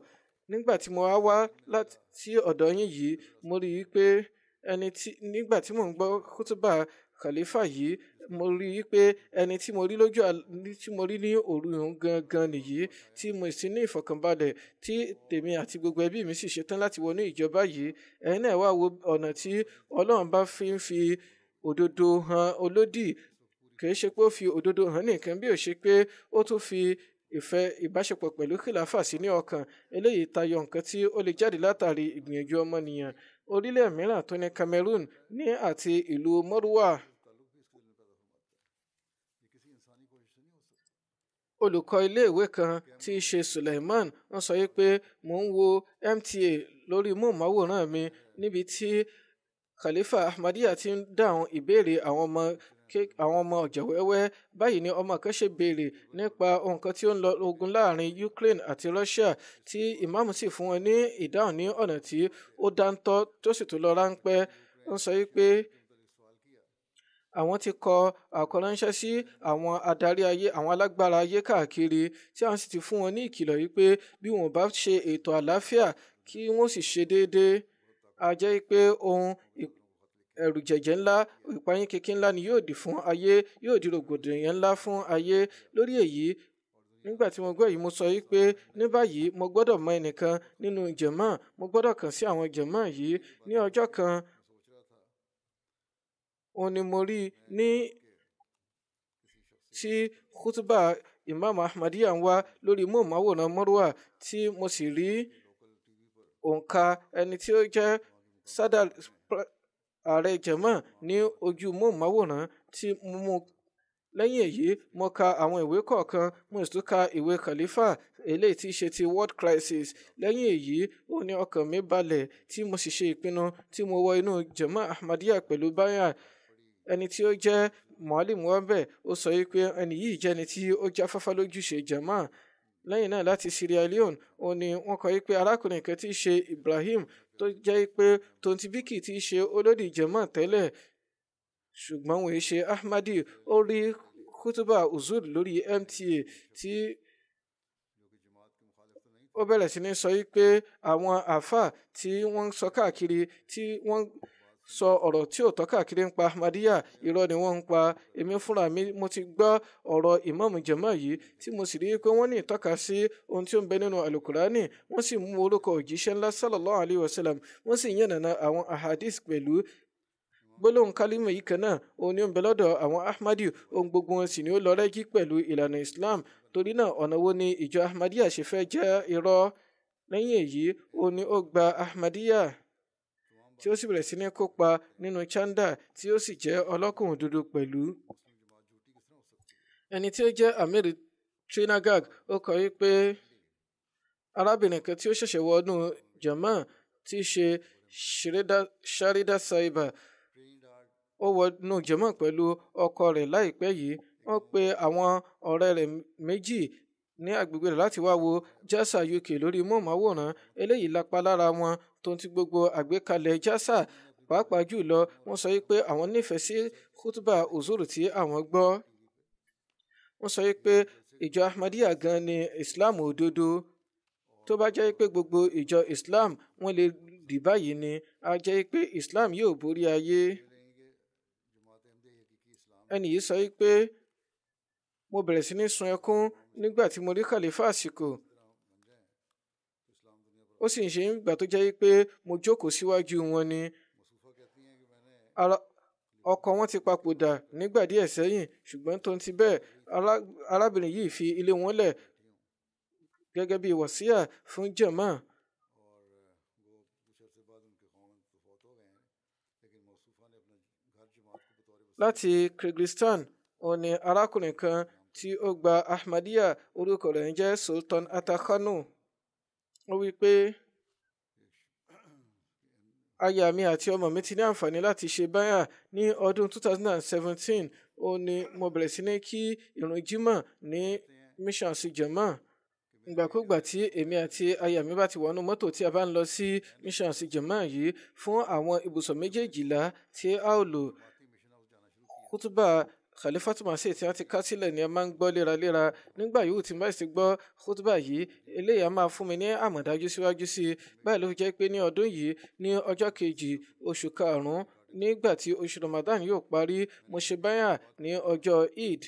nígbà tí mo wá wá láti sí ọ̀dọ̀ yín yìí mo rí i pé ẹni tí nígbà tí mò ń gbọ́ kútúbà kàlífà yìí mo rí i pé ẹni tí mo rí lójú àlá tí mo rí ní òru òun gangan nìyí tí mo sì ní ìfọ̀kànbalẹ̀ tí tèmi àti gbogbo ẹbí mi sì ṣetán láti wọnú ìjọba yìí ẹ̀yin náà wá wo ọ̀nà tí ọlọ́run bá fi ń fi òdodo han olódì kìí ṣe pé ó fi òdodo hàn nìkan bí ó ṣe pé ó tún fi ìfẹ́ ìbáṣepọ̀ pẹ̀lú kìláfà sí ní ọkàn eléyìí tayọ nǹkan tí ó lè jáde látàrí ìgbìyànjú ọmọnìyàn orílẹ̀ mìíràn tó ní Cameroon ní àti ìlú Mọ́rúwà olùkọ́ iléèwé kan tí í ṣe Suleiman ń sọ pé mò ń wo MTA lórí móhùnmáwòrán mi níbi tí Khalifa Ahmadiyya ti ń dáhùn ìbéèrè àwọn ọmọ àwọn ọmọ ọ̀jẹ̀ wẹ́wẹ́ báyìí ni ọmọ kan ṣe béèrè nípa nǹkan tí ó ń lọ ogun láàrin Ukraine àti Russia tí ìmáàmù sì fún wọn ní ìdáhùn ní ọ̀nà tí ó dáńtọ́ tó sì tún lọ ráńpẹ́ ń sọ wípé àwọn ti kọ àkọránṣẹ́ sí àwọn adarí ayé àwọn alágbára ayé káàkiri tí àwọn sì ti fún wọn ní ìkìlọ̀ wípé bí wọn bá ṣe ètò àlàáfíà kí wọn sì ṣe déédéé a jẹ́ pé ohun ẹ̀rù jẹ̀jẹ̀ ńlá ìpayín kékeré ńlá ni yóò dì fún ayé yóò di rògbòdìyàn ńlá fún ayé lórí èyí nígbà tí mo gbọ́ yìí mo sọ yìí pé ní báyìí mo gbọ́dọ̀ mọ ẹnìkan nínú jẹ̀mọ́ mo gbọ́dọ̀ kàn sí àwọn jẹ̀mọ́ yìí ní ọjọ́ kan òun ni mo rí ní tí kútúbà imam ahmadiyya ń wá lórí móhùnmáwòrán mọ́rúwà tí mo sì rí òǹkà ẹni tí ó jẹ́ sádà ààrẹ jẹ̀mọ́ ní ojú móhùnmáwòrán tí mo mú lẹ́yìn èyí mo ka àwọn ìwé kọ̀ọ̀kan mo sì tún ka ìwé Khalifa eléyìí tí í ṣe ti world crisis lẹ́yìn èyí ó ní ọkàn mi balẹ̀ tí mo sì ṣe ìpinnu tí mo wọ inú jẹ̀mọ́ Ahmadiyya pẹ̀lú báyà ẹni tí ó jẹ́ Mualim Wambe ó sọ yìí pé ẹni yìí jẹ́ ẹni tí ó jáfáfá lójúṣe jẹ̀mọ́ lẹ́yìn náà láti Sierra Leone ó ní wọ́n kọ pé arákùnrin kan tí í ṣe Ibrahim tó jẹ́ pé tontibiki ti ṣe olódì jẹ̀mọ́ tẹ́lẹ̀ ṣùgbọ́n wọ́n ṣe ahmadi ó rí kútúbà uzur lórí mta tí ó bẹ̀rẹ̀ sí ní sọ yí pé àwọn àáfà tí wọ́n sọ káàkiri tí wọ́n sọ ọ̀rọ̀ tí ò tọ́ káàkiri ń pa Ahmadiyya irọ́ ni wọ́n ń pa èmi fúnra mi mo ti gbọ́ ọ̀rọ̀ Imam Jama yìí tí mo sì rí i pé wọ́n ní ìtọ́ka sí ohun tí ó ń bẹ nínú alukurani wọ́n sì mú orúkọ òjíṣẹ́ ńlá sallallahu alayhi wa wọ́n sì yànnàna àwọn ahadis pẹ̀lú gbólóhùn kálímà yìí kan náà òun ni ó ń bẹ lọ́dọ̀ àwọn Ahmadi ohun gbogbo wọn sì ni ó lọ rẹ́gí pẹ̀lú ìlànà Islam torí náà ọ̀nà wo ni ìjọ Ahmadiyya ṣe fẹ́ jẹ́ irọ́ lẹ́yìn èyí òun ni ó gba Ahmadiyya tí ó sì bẹ̀rẹ̀ sí ní kópa nínú chanda tí ó sì jẹ́ ọlọ́kùnrin dúdú pẹ̀lú. ẹni tí ó jẹ́ amir trinagag ó kọ wípé arábìnrin kan tí ó ṣẹ̀ṣẹ̀ wọ jama tí í ṣe sharida saiba ó wọnú jama pẹ̀lú ọkọ rẹ̀ láìpẹ́ yìí wọ́n pe àwọn ọ̀rẹ́ rẹ̀ méjì ní agbègbè rẹ̀ láti wá wo jasa uk lórí móhùnmáwòrán eléyìí lápá lára wọn tó ń ti gbogbo àgbékalẹ̀ jásà pàápàá jùlọ wọ́n sọ wípé àwọn nífẹ̀ẹ́ sí kútùbà òzòrò tí àwọn gbọ́ wọ́n sọ wípé ìjọ ahmadiyya gan ni islam òdodo tó bá jẹ́ pé gbogbo ìjọ islam wọ́n lè dì báyìí ni a jẹ́ pé islam yóò borí ayé ẹni yìí sọ wípé mo bẹ̀rẹ̀ sí ní sun ẹkún nígbà tí mo rí khalifa àsìkò ó sì ń ṣe nígbà tó jẹ́ pé mo jókòó síwájú wọn ni ọkọ wọn ti papòdà nígbà díẹ̀ sẹ́yìn ṣùgbọ́n tó ń ti bẹ́ẹ̀ arábìnrin yìí fi ilé wọn lẹ̀ gẹ́gẹ́ bí wàsíà fún jẹ̀má. láti Kyrgyzstan òun ni arákùnrin kan tí ó gba Ahmadiyya orúkọ rẹ̀ ń jẹ́ Sultan Atakhanu ó wí pé aya mi àti ọmọ mi ti ní àǹfààní láti ṣe báyà ní ọdún 2017 ó ní mo bẹ̀rẹ̀ sí ní kí ìrun jímọ̀ ní mission sí jama ìgbàkúgbà tí èmi àti aya mi bá ti wọnú mọ́tò tí a bá ń lọ sí mission sí jama yìí fún àwọn ibùsọ̀ méjèèjìlá tí a ó lò kútúbà khalifatu masih tí wọ́n ti ká sílẹ̀ ni ẹ máa ń gbọ́ léraléra nígbà yòówù tí mbàsí gbọ́ khutba yìí eléyà máa fún mi ní àmọ̀dájú síwájú sí i báyìí ló fi jẹ́ pé ní ọdún yìí ní ọjọ́ kejì oṣù karùn-ún nígbà tí oṣù Ramadan yóò parí mo ṣe báyà ní ọjọ́ Eid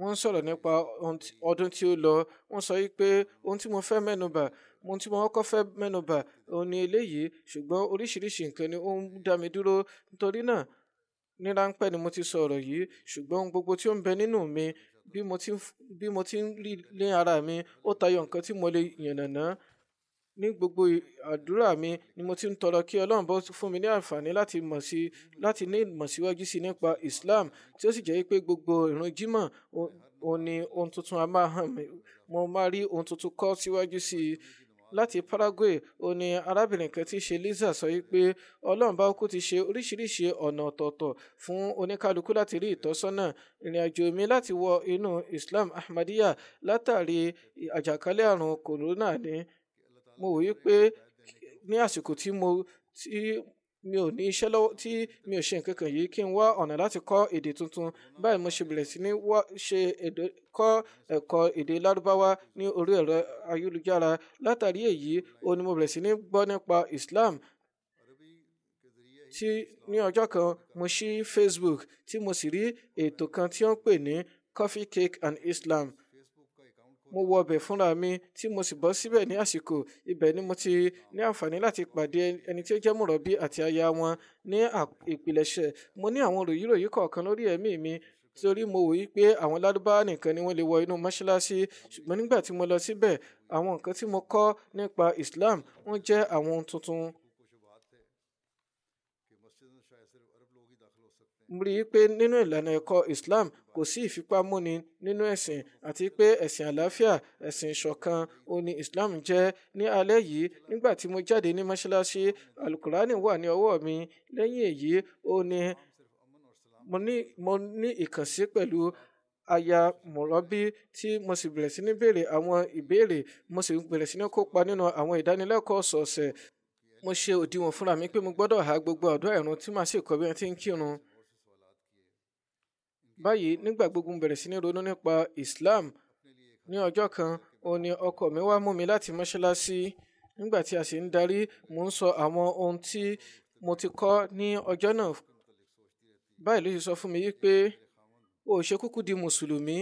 wọ́n ń sọ̀rọ̀ nípa ọdún tí ó lọ wọ́n sọ wípé ohun tí mo fẹ́ mẹ́nubà ohun tí mo kọ́kọ́ fẹ́ mẹ́nubà òun ni eléyìí ṣùgbọ́n oríṣiríṣi nǹkan ni ó ń dá mi dúró nítorí náà ní ráńpẹ́ ni mo ti sọ̀rọ̀ yìí ṣùgbọ́n ohun gbogbo tí ó ń bẹ nínú mi bí mo ti bí mo ti ń rí lé ara mi ó tayọ nǹkan tí mo lè yànnàná ní gbogbo àdúrà mi ni mo ti ń tọrọ kí ọlọ́run bọ́ fún mi ní àǹfààní láti mọ̀ sí láti ní ìmọ̀síwájú sí nípa Islam tí ó sì jẹ́ pé gbogbo ìrun jímọ̀ òun ni ohun tuntun a máa hàn mí mo máa rí ohun tuntun kọ́ síwájú sí i láti Paraguay ó ní arábìnrin kan tí í ṣe Liza sọ wípé Ọlọ́run bá kú ti ṣe oríṣiríṣi ọ̀nà ọ̀tọ̀ọ̀tọ̀ fún oníkálukú láti rí ìtọ́sọ́nà ìrìn mi láti wọ inú Islam Ahmadiyya látàrí àjàkálẹ̀ àrùn kòrónà ni mo wí pé ní àsìkò tí mo tí mi ò ní iṣẹ́ lọ́wọ́ tí mi ò ṣe nǹkan kan yìí kí n wá ọ̀nà láti kọ́ èdè tuntun báyìí mo ṣe bẹ̀rẹ̀ sí ní wá ṣe èdè kọ́ ẹ̀kọ́ èdè lárúbáwá ní orí ẹ̀rọ ayélujára látàrí èyí ó ní mo bẹ̀rẹ̀ sí ní gbọ́ nípa Islam tí ní ọjọ́ kan mo ṣí Facebook tí mo sì rí ètò kan tí ó pè ní Coffee Cake and Islam mo wọ ọbẹ̀ fúnra mi tí mo sì bọ́ síbẹ̀ ní àsìkò ibẹ̀ ni mo ti ní àǹfààní láti pàdé ẹni tí ó jẹ́ mùrọ̀bí àti aya wọn ní ìpilẹ̀ṣẹ̀ mo ní àwọn ròyìnròyìn kọ̀ọ̀kan lórí ẹ̀mí mi torí mo wòye pé àwọn ládùbáwá nìkan ni wọ́n lè wọ inú mọ́ṣáláṣí ṣùgbọ́n nígbà tí mo lọ síbẹ̀ àwọn nǹkan tí mo kọ́ nípa Islam wọ́n jẹ́ àwọn tuntun mo rí i pé nínú ìlànà ẹ̀kọ́ Islam kò sí ìfipámúni nínú ẹ̀sìn àti pé ẹ̀sìn àlàáfíà ẹ̀sìn ìṣọ̀kan ó ní Islam jẹ́ ní alẹ́ yìí nígbà tí mo jáde ní mọ́ṣáláṣí alukurani wà ní ọwọ́ mi lẹ́yìn èyí ó ní mo ní ìkànsí pẹ̀lú aya mọ̀rọ́bí tí mo sì bẹ̀rẹ̀ sí ní béèrè àwọn ìbéèrè mo sì bẹ̀rẹ̀ sí ní kópa nínú àwọn ìdánilẹ́kọ̀ọ́ ọ̀sọ̀ọ̀sẹ̀ mo ṣe òdiwọ̀n fúnra mi pé mo gbọ́dọ̀ há gbogbo ọ̀dọ́ ẹ̀rùn tí màá sì kọ́ bí wọ́n ti ń kírun. báyìí nígbà gbogbo bẹ̀rẹ̀ sí ní ronú nípa Islam ní ọjọ́ kan òun ni ọkọ mi wá mú mi láti mọ́ṣáláṣí nígbà tí a sì ń darí mò ń sọ àwọn ohun tí mo ti kọ́ ní ọjọ́ náà báyìí ló ṣe sọ fún mi yí pé o ṣe kúkú di mùsùlùmí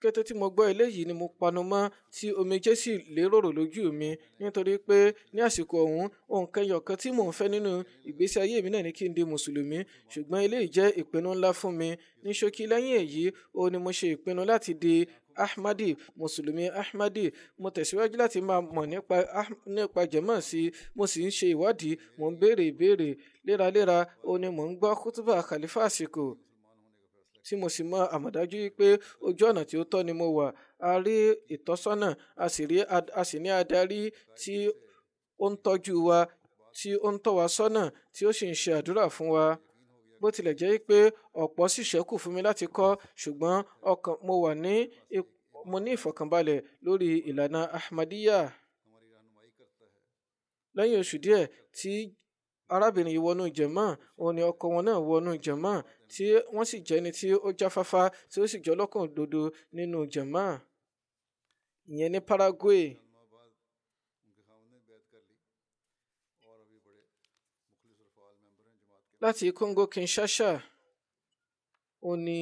kété tí mo gbọ́ eléyìí ni mo panu mọ́ tí omijé sì lérò lójú mi nítorí pé ní àsìkò ọ̀hún ohun kẹyọ̀kan tí mò ń fẹ́ nínú ìgbésí ayé mi náà ni kí n di mùsùlùmí ṣùgbọ́n eléyìí jẹ́ ìpinnu ńlá fún mi ní ṣókí lẹ́yìn èyí ó ní mo ṣe ìpinnu láti di ahmadi mùsùlùmí ahmadi mo tẹ̀síwájú láti máa mọ̀ nípa nípa jẹ̀mọ́ sí mo sì ń ṣe ìwádìí mò ń béèrè ìbéèrè léraléra ó ní mò ń gbọ́ kútúbà khalifa àsìkò tí mo sì mọ àmọ̀dájú pé ojú ọ̀nà tí ó tọ́ ni mo wà a rí ìtọ́sọ́nà a sì rí a sì ní adarí tí ó ń tọ́jú wa tí ó ń tọ́ wa sọ́nà tí ó sì ń ṣe àdúrà fún wa bó tilẹ̀ jẹ́ pé ọ̀pọ̀ sì ṣẹ́kù fún mi láti kọ́ ṣùgbọ́n ọkàn mo wà ní mo ní ìfọ̀kànbalẹ̀ lórí ìlànà Ahmadiyya lẹ́yìn oṣù díẹ̀ tí arábìnrin yìí wọnú ìjẹ̀mọ́ òun ni ọkọ wọn náà wọnú ìjẹ̀mọ́ tí wọ́n sì jẹ́ ni tí ó jáfáfá tí ó sì jẹ́ ọlọ́kàn òdodo nínú ìjẹ̀mọ́ ìyẹn ní Paraguay. láti Congo Kinshasa ó ní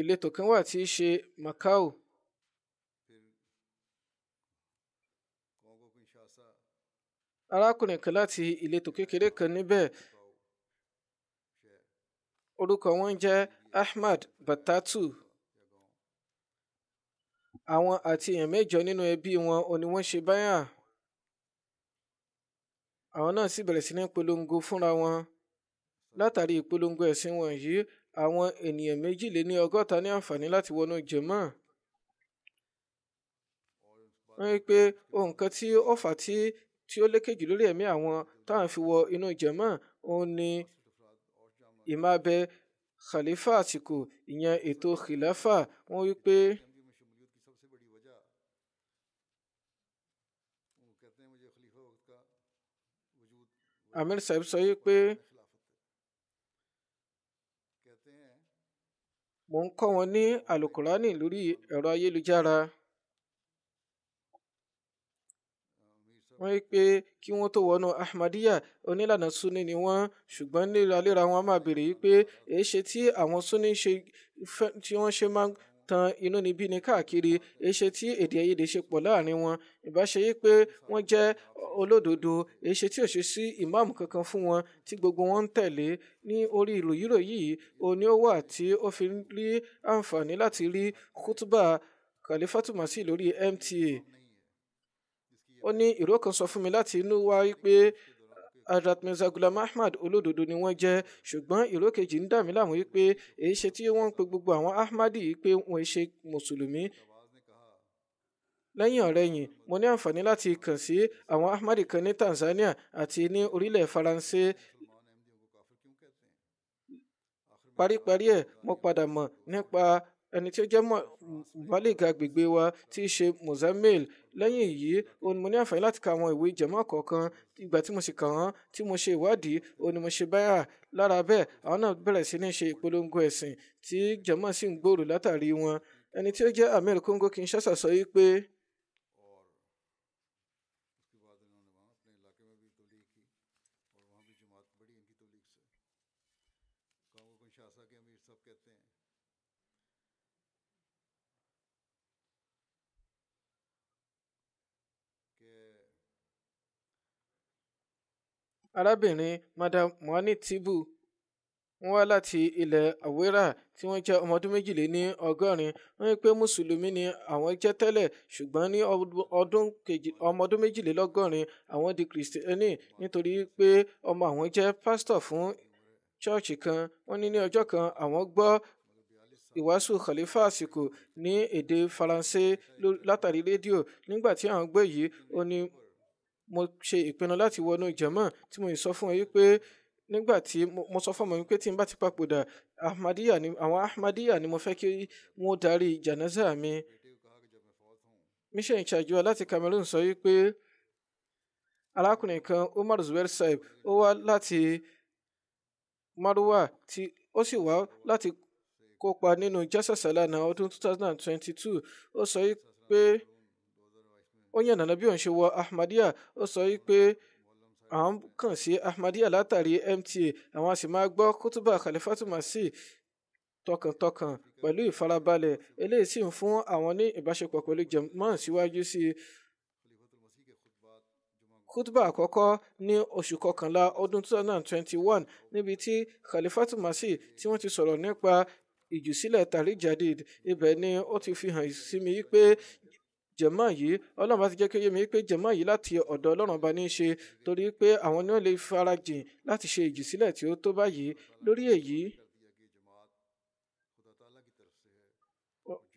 ìletò kan wà tí í ṣe Macau. arákùnrin kan láti ìletò kékeré kan níbẹ̀ orúkọ wọn jẹ́ Ahmad Batatu àwọn àti èèyàn mẹ́jọ nínú ẹbí wọn ò ní wọ́n ṣe báyà àwọn náà sì bẹ̀rẹ̀ sí ní polongo fúnra wọn látàrí ìpolongo ẹ̀sìn wọ̀nyí àwọn ènìyàn méjìléní ọgọ́ta ní àǹfààní láti wọnú jẹ̀mọ́ wọ́n rí pé ohun kan tí ó fà tí tí ó lékejì lórí ẹ̀mí àwọn táwọn fi wọ inú jẹ̀mọ́ òun ni ìmábẹ khalifa àsìkò ìyẹn ètò khilafa wọn wí pé. amir sahib sọ yìí pé mò ń kọ́ wọn ní alukurani lórí ẹ̀rọ ayélujára. wọ́n rí pé kí wọ́n tó wọnú Ahmadiyya onílànà Sunni ni wọ́n ṣùgbọ́n léraléra wọn máa béèrè wípé èéṣe tí àwọn Sunni ṣe tí wọ́n ṣe máa ń tan inú níbí ni káàkiri èéṣe tí èdè àìyedè ṣe pọ̀ láàrin wọn ìbáṣe yìí pé wọ́n jẹ́ olódodo èéṣe tí ò ṣe sí ìmáàmù kankan fún wọn tí gbogbo wọn ń tẹ̀lé ní orí ìlòyírò yìí òní ó wà tí ó fi rí àǹfààní láti rí kútúbà Khalifatu lórí MTA ó ní ìró kan sọ fún mi láti inú wa wípé Hazrat Mirza Ghulam Ahmad olódodo ni wọ́n jẹ́ ṣùgbọ́n ìró kejì ń dà mí láàmú wípé èyí ṣe tí wọ́n ń pe gbogbo àwọn Ahmadi yìí pé wọ́n ṣe mùsùlùmí lẹ́yìn ọ̀rẹ́yìn mo ní àǹfààní láti kàn sí àwọn Ahmadi kan ní Tanzania àti ní orílẹ̀ Faransé paríparí ẹ̀ mo padà mọ̀ nípa ẹni tí ó jẹ́ malik agbègbè wa tí í ṣe mozamil lẹ́yìn èyí òun mo ní àǹfààní láti ka àwọn ìwé ìjẹ́mọ́ kọ̀ọ̀kan ìgbà tí mo sì kà wọ́n tí mo ṣe ìwádìí òun ni mo ṣe báyà lára bẹ́ẹ̀ àwọn náà bẹ̀rẹ̀ sí ní ṣe ìpolongo ẹ̀sìn tí jẹ́mọ́ sì ń gbòòrò látàrí wọn ẹni tí ó jẹ́ amir Kongo Kinshasa sọ yìí pé arábìnrin madam mohanni tìbú wọ́n wá láti ilẹ̀ àwérà tí wọ́n jẹ́ ọmọ ọdún méjìlél ní ọgọ́rin wọ́n ní pé mùsùlùmí ni àwọn jẹ́ tẹ́lẹ̀ ṣùgbọ́n ní ọdún ọmọ ọdún méjìlélọ́gọ́rin àwọn di kìrìsìtẹ́nì nítorí pé ọmọ àwọn jẹ́ pásítọ̀ fún ṣọ́ọ̀ṣì kan wọ́n ní ní ọjọ́ kan àwọn gbọ́ ìwàásù khalifa àsìkò ní èdè faransé látàrí rédíò nígbà tí àwọn gbé yìí ó ní mo ṣe ìpinnu láti wọnú ìjàmọ́ tí mo yìí sọ fún ẹ wípé nígbà tí mo sọ fún ọmọ mi pé tí n bá ti papòdà ahmadiyya ni àwọn ahmadiyya ni mo fẹ́ kí wọ́n darí janaza mi mission ìṣàjọ láti Cameroon sọ wípé arákùnrin kan Umar Zubair Saib ó wá láti Marwa tí ó sì wá láti kópa nínú jésàsálà náà ọdún 2022 ó sọ wípé ó yàn nànà bí òun ṣe wọ Ahmadiyya ó sọ wípé àwọn kàn sí Ahmadiyya látàrí MTA àwọn a sì máa gbọ́ kútúbà Khalifatul Masih tọkàntọkàn pẹ̀lú ìfarabalẹ̀ eléyìí sì ń fún àwọn ní ìbáṣepọ̀ pẹ̀lú jẹ̀mọ́ síwájú sí i kútùbà àkọ́kọ́ ní oṣù kọkànlá ọdún 2021 níbi tí Khalifatul Masih tí wọ́n ti sọ̀rọ̀ nípa ìjùsílẹ̀ tàrí jadid ibẹ̀ ni ó ti fi hàn sí mi pé jẹ̀mọ́ yìí ọlọ́run bá ti jẹ́ kí ó yé mi pé jẹ̀mọ́ yìí láti ọ̀dọ̀ ọlọ́run bá ní í ṣe torí pé àwọn ni wọ́n lè farajìn láti ṣe ìjìsílẹ̀ tí ó tó báyìí lórí èyí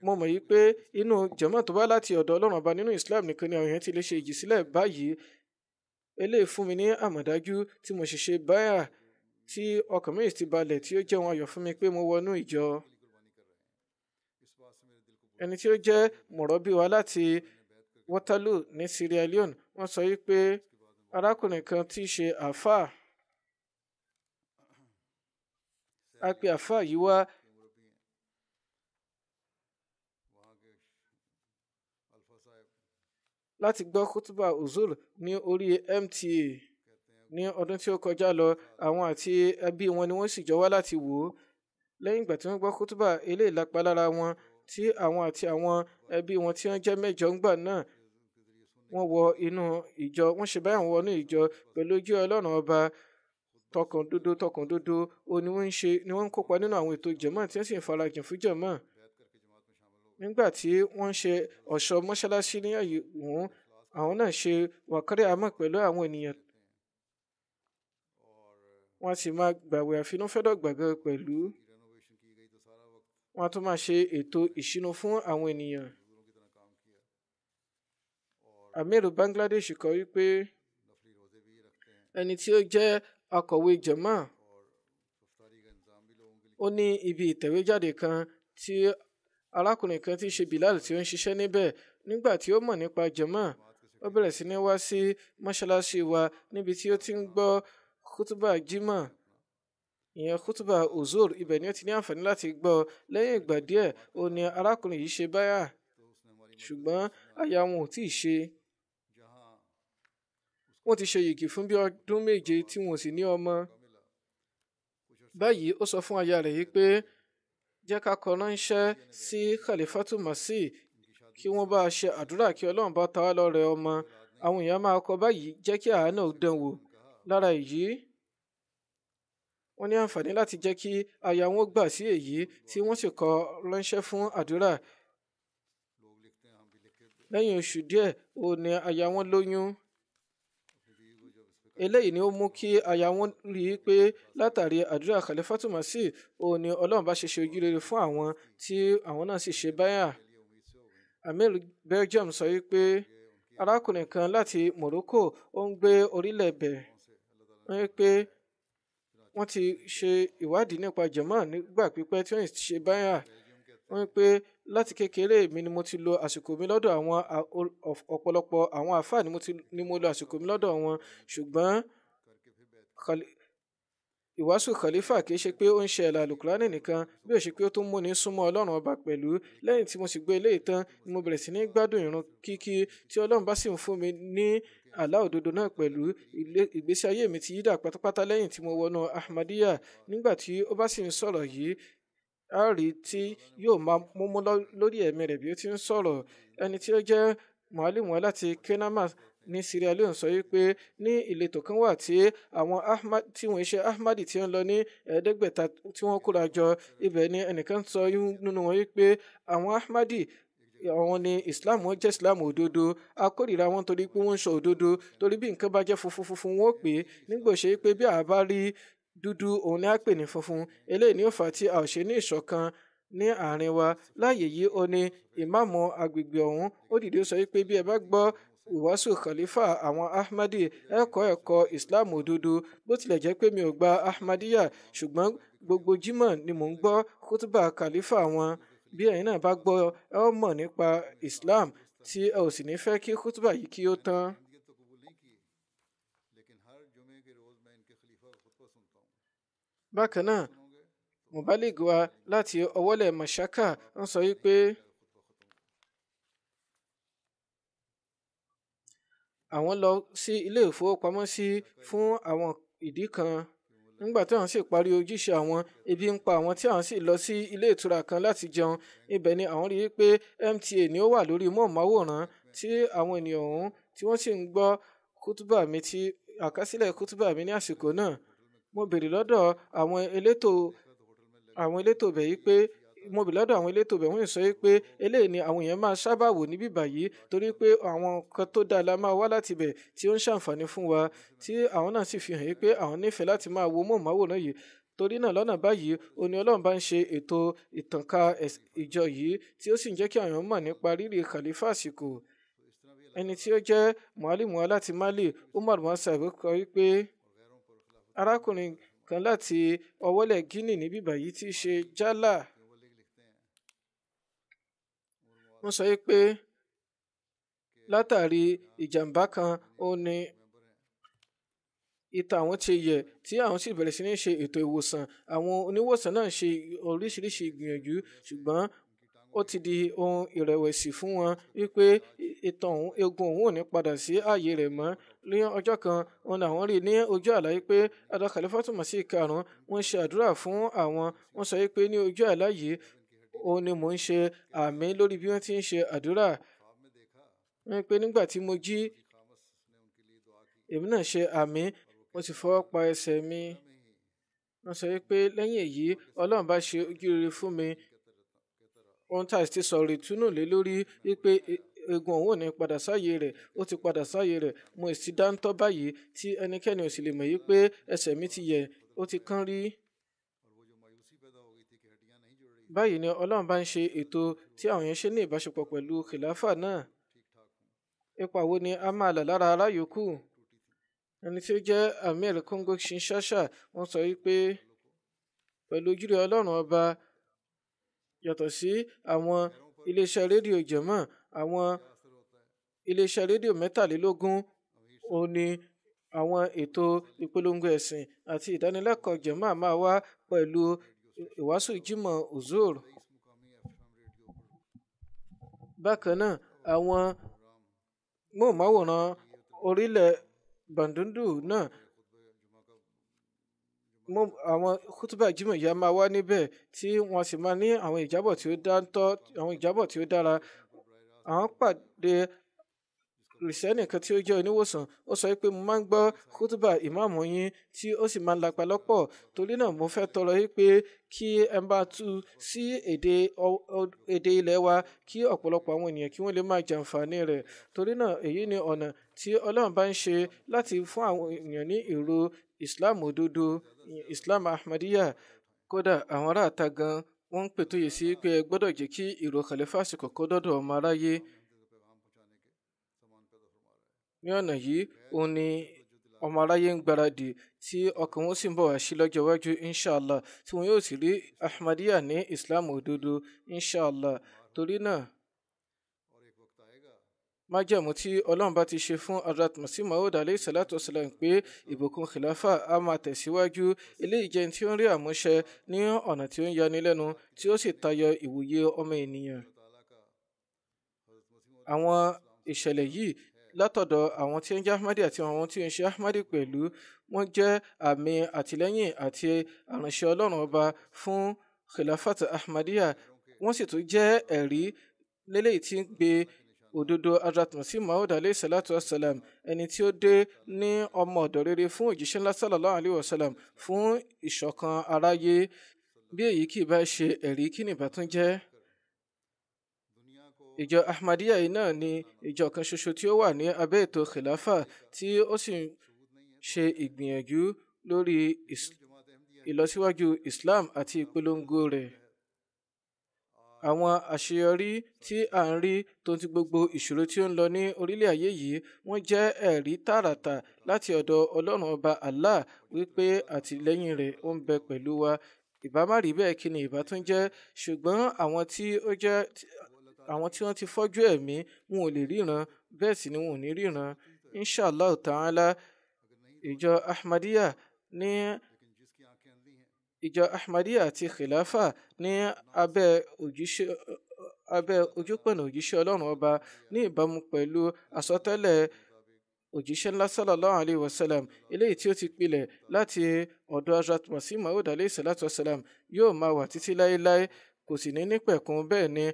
mo mọ̀ yí pé inú jẹ̀mọ́ tó bá láti ọ̀dọ̀ ọlọ́run ọba nínú Islam nìkan ni àwọn èèyàn ti lè ṣe ìjìsílẹ̀ báyìí eléyìí fún mi ní àmọ̀dájú tí mo ṣe báyà tí ọkàn mi ti balẹ̀ tí ó jẹ́ wọn ayọ̀ fún mi pé mo wọnú ìjọ ẹni tí ó jẹ́ mọ̀rọ́bí láti Waterloo ní Sierra Leone wọ́n sọ wípé arákùnrin kan tí í ṣe àáfàá a pe àáfàá yìí wá láti gbọ́ kútùbà uzur ní orí MTA ní ọdún tí ó kọjá lọ àwọn àti ẹbí wọn ni wọ́n sì jọ wá láti wò ó lẹ́yìn ìgbà tí wọ́n gbọ́ kútùbà eléyìí lápá lára wọn tí àwọn àti àwọn ẹbí wọn tí wọ́n jẹ́ mẹ́jọ ńgbà náà wọ́n wọ inú ìjọ wọ́n ṣe báyà wọnú ìjọ pẹ̀lú ojú ọlọ́run ọba tọkàndodo tọkàndodo ó ní ń ṣe ni wọ́n ń kópa nínú àwọn ètò jẹ̀mọ́ tí wọ́n sì ń farajìn fún jẹ̀mọ́ nígbà tí wọ́n ṣe ọ̀ṣọ́ mọ́ṣáláṣí ní àyè wọn àwọn náà ṣe wàkárẹ́ àmọ́ pẹ̀lú àwọn ènìyàn wọ́n sì máa gbàwẹ̀ àfinúfẹ́dọ̀gbàgbẹ́ pẹ̀lú wọ́n á tún máa ṣe ètò ìṣúná fún àwọn ènìyàn. amir Bangladesh kọ wípé ẹni tí ó jẹ́ akọ̀wé jama ó ní ibi ìtẹ̀wéjáde kan tí arákùnrin kan tí ṣe Bilal tí ó ń ṣiṣẹ́ níbẹ̀ nígbà tí ó mọ̀ nípa jama ó bẹ̀rẹ̀ sí ní wá sí mọ́ṣáláṣí wa níbi tí ó ti ń gbọ́ kútúbà jimá ìyẹn kútùbà òzòr ibẹ̀ ni ó ti ní àǹfààní láti gbọ́ lẹ́yìn ìgbà díẹ̀ ó ní arákùnrin yìí ṣe báyà ṣùgbọ́n àyà wọn ò tí ì ṣe wọ́n ti ṣe yìgì fún bí ọdún méje tí wọn ò sì ní ọmọ báyìí ó sọ fún aya rẹ̀ yìí pé jẹ́ ká kọ ránṣẹ́ sí khalifatu masi kí wọ́n bá ṣe àdúrà kí ọlọ́run bá ta wá lọ́rẹ ọmọ àwọn èèyàn máa kọ báyìí jẹ́ kí àánú dán wò lára èyí wọ́n ní àǹfààní láti jẹ́ kí aya wọn gbà sí èyí tí wọ́n sì kọ ránṣẹ́ fún àdúrà lẹ́yìn oṣù díẹ̀ ó ní aya wọn lóyún eléyìí ni ó mú kí aya wọn rí i pé látàrí àdúrà Khalifatul Masih ó ní Ọlọ́run bá ṣe ṣe ojúrere fún àwọn tí àwọn náà sì ṣe báyà Amir Belgium sọ wípé arákùnrin kan láti Morocco ó ń gbé orílẹ̀ bẹ̀ wípé wọ́n ti ṣe ìwádìí nípa German nígbà pípẹ́ tí wọ́n ṣe báyà wọ́n pe láti kékeré mi ni mo ti lo àsìkò mi lọ́dọ̀ àwọn ọ̀pọ̀lọpọ̀ àwọn àfáà ni mo lo àsìkò mi lọ́dọ̀ wọn ṣùgbọ́n ìwàásù khalifa kìí ṣe pé ó ń ṣe ẹ̀là alukurani nìkan bí ó ṣe pé ó tún múni súnmọ́ ọlọ́run ọba pẹ̀lú lẹ́yìn tí mo sì gbọ́ eléyìí tán ni mo bẹ̀rẹ̀ sí ní gbádùn ìrun kíkí tí ọlọ́run bá sì ń fún mi ní àlá òdodo náà pẹ̀lú ìgbésí ayé mi ti yídà pátápátá lẹ́yìn tí mo wọnú Ahmadiyya nígbà tí ó bá sì ń sọ̀rọ̀ yìí a rí tí yóò máa múmú lórí ẹ̀mí rẹ̀ bí ó ti ń sọ̀rọ̀ ẹni tí ó jẹ́ mọ̀álìmọ̀ láti kenama ní Sierra Leone sọ wípé ní ìletò kan wà tí àwọn Ahmad tí Ahmadi tí ń lọ ní ẹ̀ẹ́dẹ́gbẹ̀ta tí wọ́n kóra jọ ibẹ̀ ni ẹnìkan sọ nínú wọn wípé àwọn Ahmadi àwọn ni islam wọn jẹ́ islam òdodo a kórìíra wọn torí pé wọ́n ń sọ òdodo torí bí nǹkan bá jẹ́ funfun funfun wọn ò pè é nígbà ṣe pé bí a rí dúdú òun ni a pè ní funfun eléyìí ni ó fà á tí a ò ṣe ní ìṣọ̀kan ní àárín wa láàyè yìí ó ní ìmáàmù agbègbè ọ̀hún ó dìde sọ pé bí ẹ bá gbọ́ ìwàásù khalifa àwọn ahmadi ẹ kọ́ ẹ̀kọ́ islam òdodo bó tilẹ̀ jẹ́ pé mi ò gba ahmadiyya ṣùgbọ́n gbogbo jímọ̀ ni mò ń gbọ́ kútùbà khalifa wọn bí ẹ̀yin náà bá gbọ́ ẹ ó mọ̀ nípa Islam tí ẹ ò sì ní fẹ́ kí kútùbà yìí kí ó tán. bákan náà mubalik wa láti ọwọ́lẹ̀ mọ̀ṣáká ń sọ wípé àwọn lọ sí ilé ìfowópamọ́sí fún àwọn ìdí kan nígbà tí à ń sì parí ojúṣe àwọn ebi ń pa àwọn tí à ń sì lọ sí ilé ìtura kan láti jẹun ibẹ̀ ni àwọn rí i pé MTA ni ó wà lórí mọ́ọ̀máwòrán tí àwọn ènìyàn ọ̀hún tí wọ́n sì ń gbọ́ kútúbà mi tí àkásílẹ̀ kútúbà mi ní àsìkò náà mo béèrè lọ́dọ̀ àwọn elétò àwọn elétò bẹ̀ yí pé mo bì lọ́dọ̀ àwọn elétò bẹ̀ wọ́n sọ pé eléyìí ni àwọn èèyàn máa sábà wò níbí báyìí torí pé àwọn kan tó dáa la máa wá láti bẹ̀ tí ó ń ṣàǹfààní fún wa tí àwọn náà sì fi hàn pé àwọn nífẹ̀ẹ́ láti máa wo móhùnmáwòrán yìí torí náà lọ́nà báyìí òní ọlọ́run bá ń ṣe ètò ìtànká ìjọ yìí tí ó sì ń jẹ́ kí àwọn mọ̀ nípa rírì khalifa àsìkò ẹni tí ó jẹ́ mọ̀álìmọ́ láti Mali Umar Musa kọ wípé arákùnrin kan láti ọwọ́lẹ̀ Guinea níbí báyìí tí í ṣe jálà wọ́n sọ pé látàrí ìjàmbá kan ó ní ìta àwọn ti yẹ̀ tí àwọn sì bẹ̀rẹ̀ sí ní ṣe ètò ìwòsàn àwọn oníwòsàn náà ṣe oríṣiríṣi ìgbìyànjú ṣùgbọ́n ó ti di ohun ìrẹ̀wẹ̀sì fún wọn wípé ìtàn òun egun òun ò ní padà sí ààyè rẹ̀ mọ́ ní ọjọ́ kan òun làwọn rí ní ojú àlá yìí pé adakàlẹ́ fátùmọ̀ sí karùn-ún wọ́n ṣe àdúrà fún àwọn wọ́n sọ pé ní ojú àlá yìí òun ni mò ń ṣe àmì lórí bí wọ́n ti ń ṣe àdúrà. Wọ́n pe nígbà tí mo jí, èmi náà ṣe àmì, mo sì fọwọ́ pa ẹsẹ̀ mi. Wọ́n sọ wípé lẹ́yìn èyí, Ọlọ́run bá ṣe ojú rere fún mi. Ohun tí a ti sọ̀rọ̀ ìtúnú lé lórí wípé e, egun òun ò ní padà sáyé rẹ̀, ó ti padà sáyé rẹ̀. Mo sì ti dáńtọ́ báyìí tí ẹnikẹ́ni ò sì lè mọ̀ wípé ẹsẹ̀ mi ti yẹ̀, ó ti kán rí. Báyìí ni Ọlọ́run bá ń ṣe ètò tí àwọn èèyàn ṣe ní ìbáṣepọ̀ pẹ̀lú kìláfà náà. Ipa wo ni a máa là lára aráyòkú? Ẹni tí ó jẹ́ Amir Kongo Kinshasa wọ́n sọ wípé pẹ̀lú ojúre Ọlọ́run ọba yàtọ̀ sí àwọn iléeṣẹ́ rédíò jẹ̀mọ́ àwọn iléeṣẹ́ rédíò mẹ́tàlélógún òní àwọn ètò ìpolongo ẹ̀sìn àti ìdánilẹ́kọ̀ọ́ jẹ̀mọ́ máa wá pẹ̀lú ìwàásù jimoh uzur bákan náà àwọn móhùnmáwòrán orílẹ̀ bandundu náà àwọn kútùbà jimoh ìyá máa wá níbẹ̀ tí wọ́n sì máa ní àwọn ìjábọ̀ tí ó dáńtọ́ àwọn ìjábọ̀ tí ó dára àwọn pàdé kìrìsìtẹ́nì tí ó jẹ́ oníwòsàn ó sọ pé mo máa ń gbọ́ kútùbà ìmáàmù yín tí ó sì máa ń lapa lọ́pọ̀ torí náà mo fẹ́ tọrọ yín pé kí ẹ bá tú sí èdè èdè ilẹ̀ wa kí ọ̀pọ̀lọpọ̀ àwọn ènìyàn kí wọ́n lè máa jàǹfààní rẹ̀ torí náà èyí ni ọ̀nà tí ọlọ́run bá ń ṣe láti fún àwọn èèyàn ní ìró islam òdodo islam ahmadiyya kódà àwọn aráàta gan wọ́n ń pètòyè sí pé ẹ gbọ́dọ̀ jẹ́ kí ìró khalifa sì kọ́kọ́ dọ́dọ̀ ọmọ aráyé Ní ọ̀nà yìí, òun ni ọmọ aráyé ń gbaradì tí ọkàn wọn sì ń bọ̀ wá sí lọ́jọ́ iwájú inshallah tí wọn yóò sì rí Ahmadiyya ní Islam òdodo inshallah. Torí náà, májẹ̀mú tí Ọlọ́run bá ti ṣe fún Hazrat Masih Maud alayhi salatu wasalam pé ìbùkún khilafa a máa tẹ̀síwájú eléyìí jẹ́ tí ó ń rí àmúṣẹ ní ọ̀nà tí ó ń yanilẹ́nu tí ó sì tayọ ìwòye ọmọ ènìyàn. Àwọn ìṣẹ̀lẹ̀ yìí látọ̀dọ̀ àwọn tí ń jẹ́ Ahmadi àti àwọn tí ń ṣe Ahmadi pẹ̀lú wọ́n jẹ́ àmì àtìlẹ́yìn àti àránṣẹ́ Ọlọ́run ọba fún Khilafat Ahmadiyya wọ́n sì tún jẹ́ ẹ̀rí lélẹ́yìí tí ń gbé òdodo adratmasi mahud alayhi salatu wasalam ẹni tí ó dé ní ọmọ ọ̀dọ̀ rere fún òjíṣẹ́ ńlá sallallahu alayhi wasalam fún ìṣọ̀kan aráyé bí èyí kì í bá ṣe ẹ̀rí kí nìbá tún jẹ́ ìjọ ahmadiyya yìí náà ni ìjọ kan ṣoṣo tí ó wà ní abẹ́ ètò khilafa tí ó sì ń ṣe ìgbìyànjú lórí ìlọsíwájú islam àti ìpolongo rẹ̀ àwọn àṣeyọrí tí à ń rí tó ti gbogbo ìṣòro tí ó ń lọ ní orílẹ̀ ayé yìí wọ́n jẹ́ ẹ̀rí tààràtà láti ọ̀dọ̀ ọlọ́run ọba Allah wípé àtìlẹ́yìn rẹ̀ ó ń bẹ pẹ̀lú wa ìbá má rí bẹ́ẹ̀ kí ni ìbá jẹ́ ṣùgbọ́n àwọn tí ó jẹ́ àwọn tí wọ́n ti fọ́jú ẹ̀mí wọn ò lè ríran bẹ́ẹ̀ sì ni wọn ò ní ríran inshallah ta'ala ìjọ ahmadiyya ní ìjọ ahmadiyya àti khilafa ní abẹ́ òjíṣẹ́ abẹ́ ojúpẹ̀nà òjíṣẹ́ ọlọ́run ọba ní ìbámu pẹ̀lú àsọtẹ́lẹ̀ òjíṣẹ́ ńlá sallallahu alayhi wa sallam eléyìí tí ó ti pilẹ̀ láti ọ̀dọ̀ Hazrat Masih Maud alayhi salatu wa sallam yóò máa wà títí láéláé kò sì ní nípẹ̀kun bẹ́ẹ̀ ni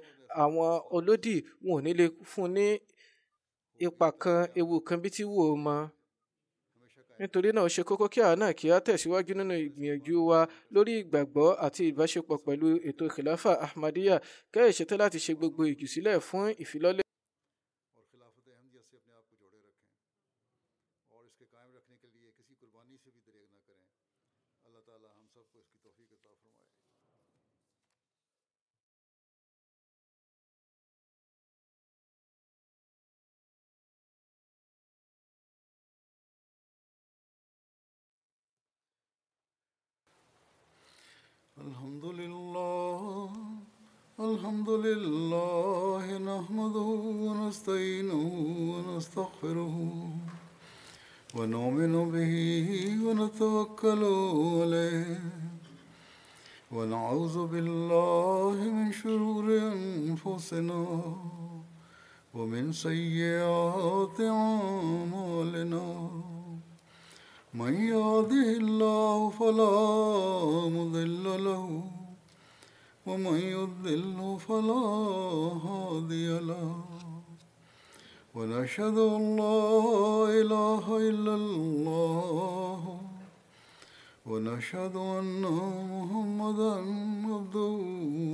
àwọn olódì wọn ò ní lè fún ní ipa kan ewu kan bí tí wò ó mọ nítorí náà ó ṣe kókó kí àwa náà kí á tẹ̀síwájú nínú ìgbìyànjú wa lórí ìgbàgbọ́ àti ìbáṣepọ̀ pẹ̀lú ètò kìláfà ahmadiyya kẹ́ ẹ̀ ṣetán láti ṣe gbogbo ìjùsílẹ̀ fún ìfilọ́lẹ̀. الحمد لله الحمد لله نحمده ونستعينه ونستغفره ونؤمن به ونتوكل عليه ونعوذ بالله من شرور انفسنا ومن سيئات اعمالنا من يهده الله فلا مضل له ومن يضلل فلا هادي له ونشهد ان لا اله الا الله ونشهد ان محمدا عبده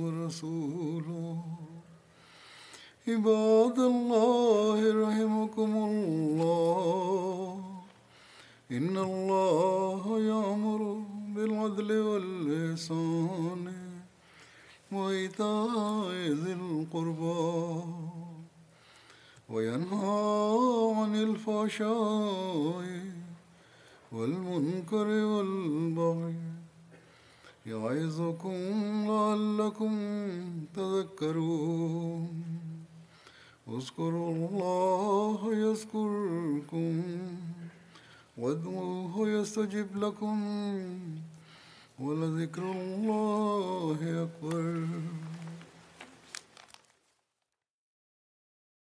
ورسوله عباد الله رحمكم الله إن الله يأمر بالعدل والإحسان وإيتاء ذي القربى وينهى عن الفحشاء والمنكر والبغي يعظكم لعلكم تذكرون اذكروا الله يذكركم وادعوه يستجب لكم ولذكر الله أكبر